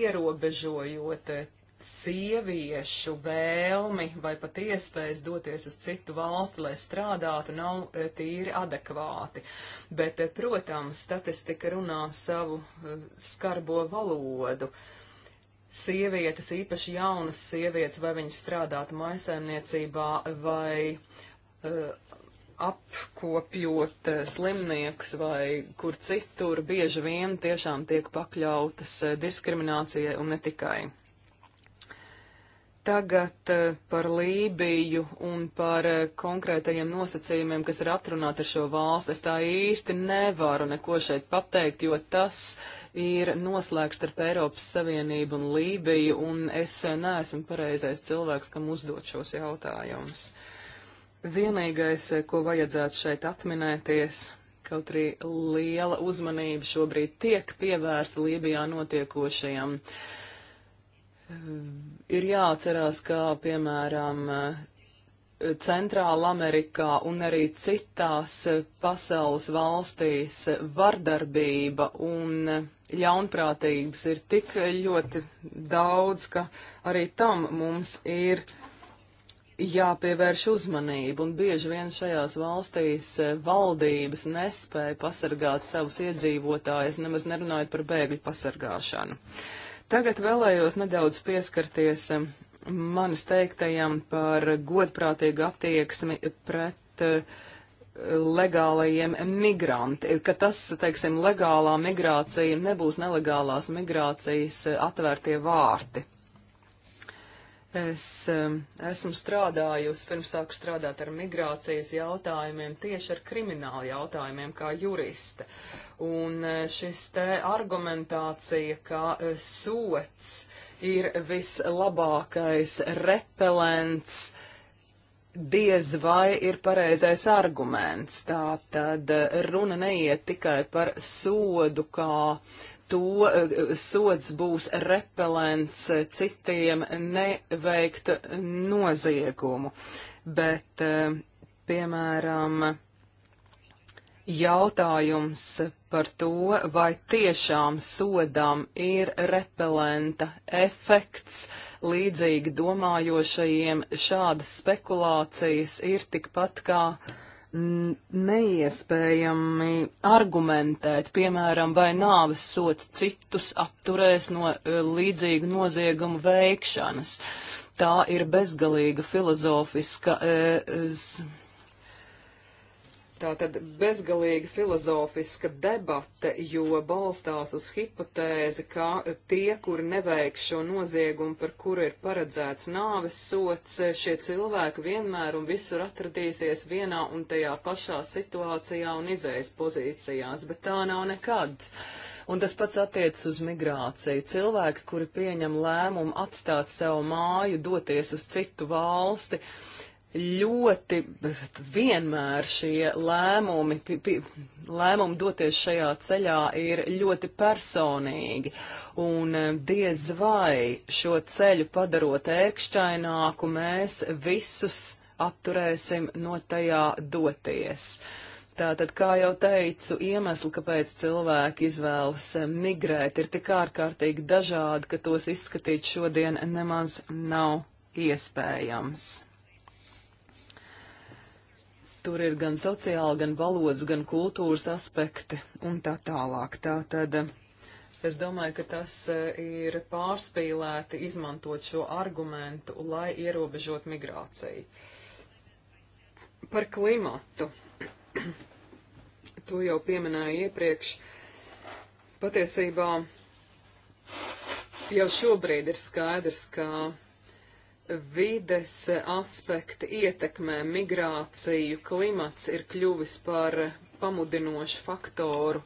ierobežojot e, sieviešu vēlmi vai pat iespējas doties uz citu valsti, lai strādātu, nav e, tīri adekvāti. Bet, e, protams, statistika runā savu e, skarbo valodu. Sievietes, īpaši jaunas sievietes, vai viņas strādātu maisaimniecībā vai uh, apkopjot slimniekus vai kur citur, bieži vien tiešām tiek pakļautas diskriminācijai un ne tikai. Tagad eh, par Lībiju un par eh, konkrētajiem nosacījumiem, kas ir atrunāti ar šo valsti. Es tā īsti nevaru neko šeit pateikt, jo tas ir noslēgts starp Eiropas Savienību un Lībiju, un es eh, neesmu pareizais cilvēks, kam uzdot šos jautājumus. Vienīgais, ko vajadzētu šeit atminēties, kaut arī liela uzmanība šobrīd tiek pievērsta Lībijā notiekošajam Ir jāatcerās, ka, piemēram, Centrāla Amerikā un arī citās pasaules valstīs vardarbība un ļaunprātības ir tik ļoti daudz, ka arī tam mums ir jāpievērš uzmanība, un bieži vien šajās valstīs valdības nespēja pasargāt savus iedzīvotājus, nemaz nerunājot par bēgļu pasargāšanu. Uh, Tagad vēlējos nedaudz pieskarties um, manis teiktajam par godprātīgu attieksmi pret uh, legālajiem migrantiem, ka tas, teiksim, legālā migrācija nebūs nelegālās migrācijas uh, atvērtie vārti. Es um, esmu strādājusi, pirms sāku strādāt ar migrācijas jautājumiem, tieši ar kriminālu jautājumiem kā juriste. Un uh, šis te argumentācija, ka uh, sots ir vislabākais repelents, diez vai ir pareizais arguments. Tā tad uh, runa neiet tikai par sodu kā uh, to eh, sods būs repelents eh, citiem neveikt noziegumu. Bet, eh, piemēram, jautājums par to, vai tiešām sodam ir repelenta efekts līdzīgi domājošajiem šādas spekulācijas ir tikpat kā. Uh, neiespējami argumentēt, piemēram, vai nāves sots citus apturēs no e, līdzīgu noziegumu veikšanas. Tā ir bezgalīga filozofiska. E, Tātad bezgalīga filozofiska debate, jo balstās uz hipotēzi, ka tie, kuri neveiks šo noziegumu, par kuru ir paredzēts nāves sots, šie cilvēki vienmēr un visur atradīsies vienā un tajā pašā situācijā un izējas pozīcijās, bet tā nav nekad. Un tas pats attiecas uz migrāciju. Cilvēki, kuri pieņem lēmumu atstāt savu māju, doties uz citu valsti, uh, ļoti vienmēr šie lēmumi, pi, pi, lēmumi doties šajā ceļā ir ļoti personīgi, un eh, diez vai šo ceļu padarot ērkšķaināku, mēs visus apturēsim no tajā doties. Tātad, kā jau teicu, iemesli, kāpēc cilvēki izvēlas eh, migrēt, ir tik ārkārtīgi dažādi, ka tos izskatīt šodien nemaz nav iespējams. Tur ir gan sociāli, gan valodas, gan kultūras aspekti un tā tālāk. Tā tad eh, es domāju, ka tas eh, ir pārspīlēti izmantot šo argumentu, lai ierobežot migrāciju. Par klimatu. to jau pieminēju iepriekš. Patiesībā jau šobrīd ir skaidrs, ka vides aspekti ietekmē migrāciju, klimats ir kļuvis par pamudinošu faktoru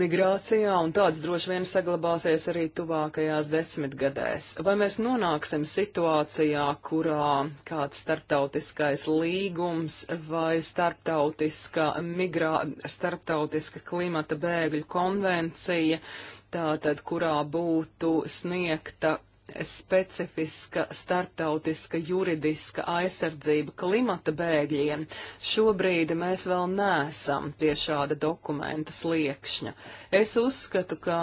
migrācijā, un tāds droši vien saglabāsies arī tuvākajās desmitgadēs. Vai mēs nonāksim situācijā, kurā kāds starptautiskais līgums vai starptautiska, migrā, starptautiska klimata bēgļu konvencija tātad kurā būtu sniegta specifiska starptautiska juridiska aizsardzība klimata bēgļiem. Šobrīd mēs vēl nesam pie šāda dokumenta sliekšņa. Es uzskatu, ka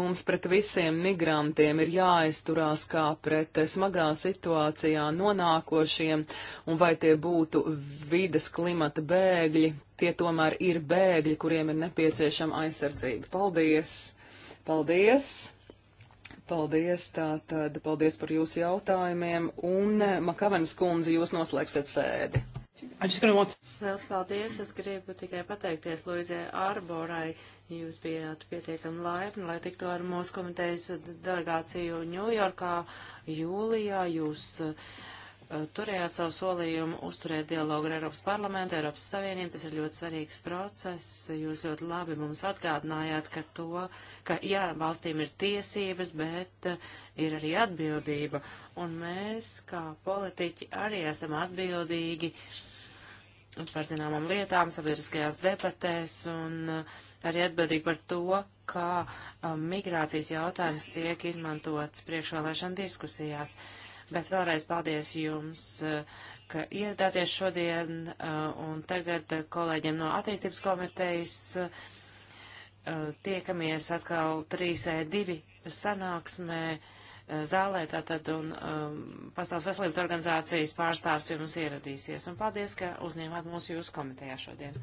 mums pret visiem migrantiem ir jāizturās kā pret smagā situācijā nonākošiem, un vai tie būtu vides klimata bēgļi, tie tomēr ir bēgļi, kuriem ir nepieciešama aizsardzība. Paldies! Paldies! Paldies, tātad, paldies par jūsu jautājumiem, un eh, Makavenas kundze, jūs noslēgsiet sēdi. Liels paldies, es gribu tikai pateikties Luizē Arborai, jūs bijāt pietiekami laipni, lai tiktu ar mūsu komitejas delegāciju Ņujorkā jūlijā, jūs uh, Eh, turējāt savu solījumu uzturēt dialogu ar Eiropas parlamentu, Eiropas Savienību. Tas ir ļoti svarīgs process. Jūs ļoti labi mums atgādinājāt, ka to, ka jā, valstīm ir tiesības, bet eh, ir arī atbildība. Un mēs, kā politiķi, arī esam atbildīgi par zināmām lietām sabiedriskajās debatēs un eh, arī atbildīgi par to, kā migrācijas jautājums tiek izmantots priekšvēlēšana diskusijās. Uh, Bet vēlreiz paldies jums, eh, ka ieradāties šodien, eh, un tagad eh, kolēģiem no attīstības komitejas tiekamies atkal 3E2 sanāksmē zālē, tātad, un um, pasaules veselības organizācijas pārstāvs pie mums ieradīsies. Un paldies, ka uzņēmāt mūsu jūsu komitejā šodien.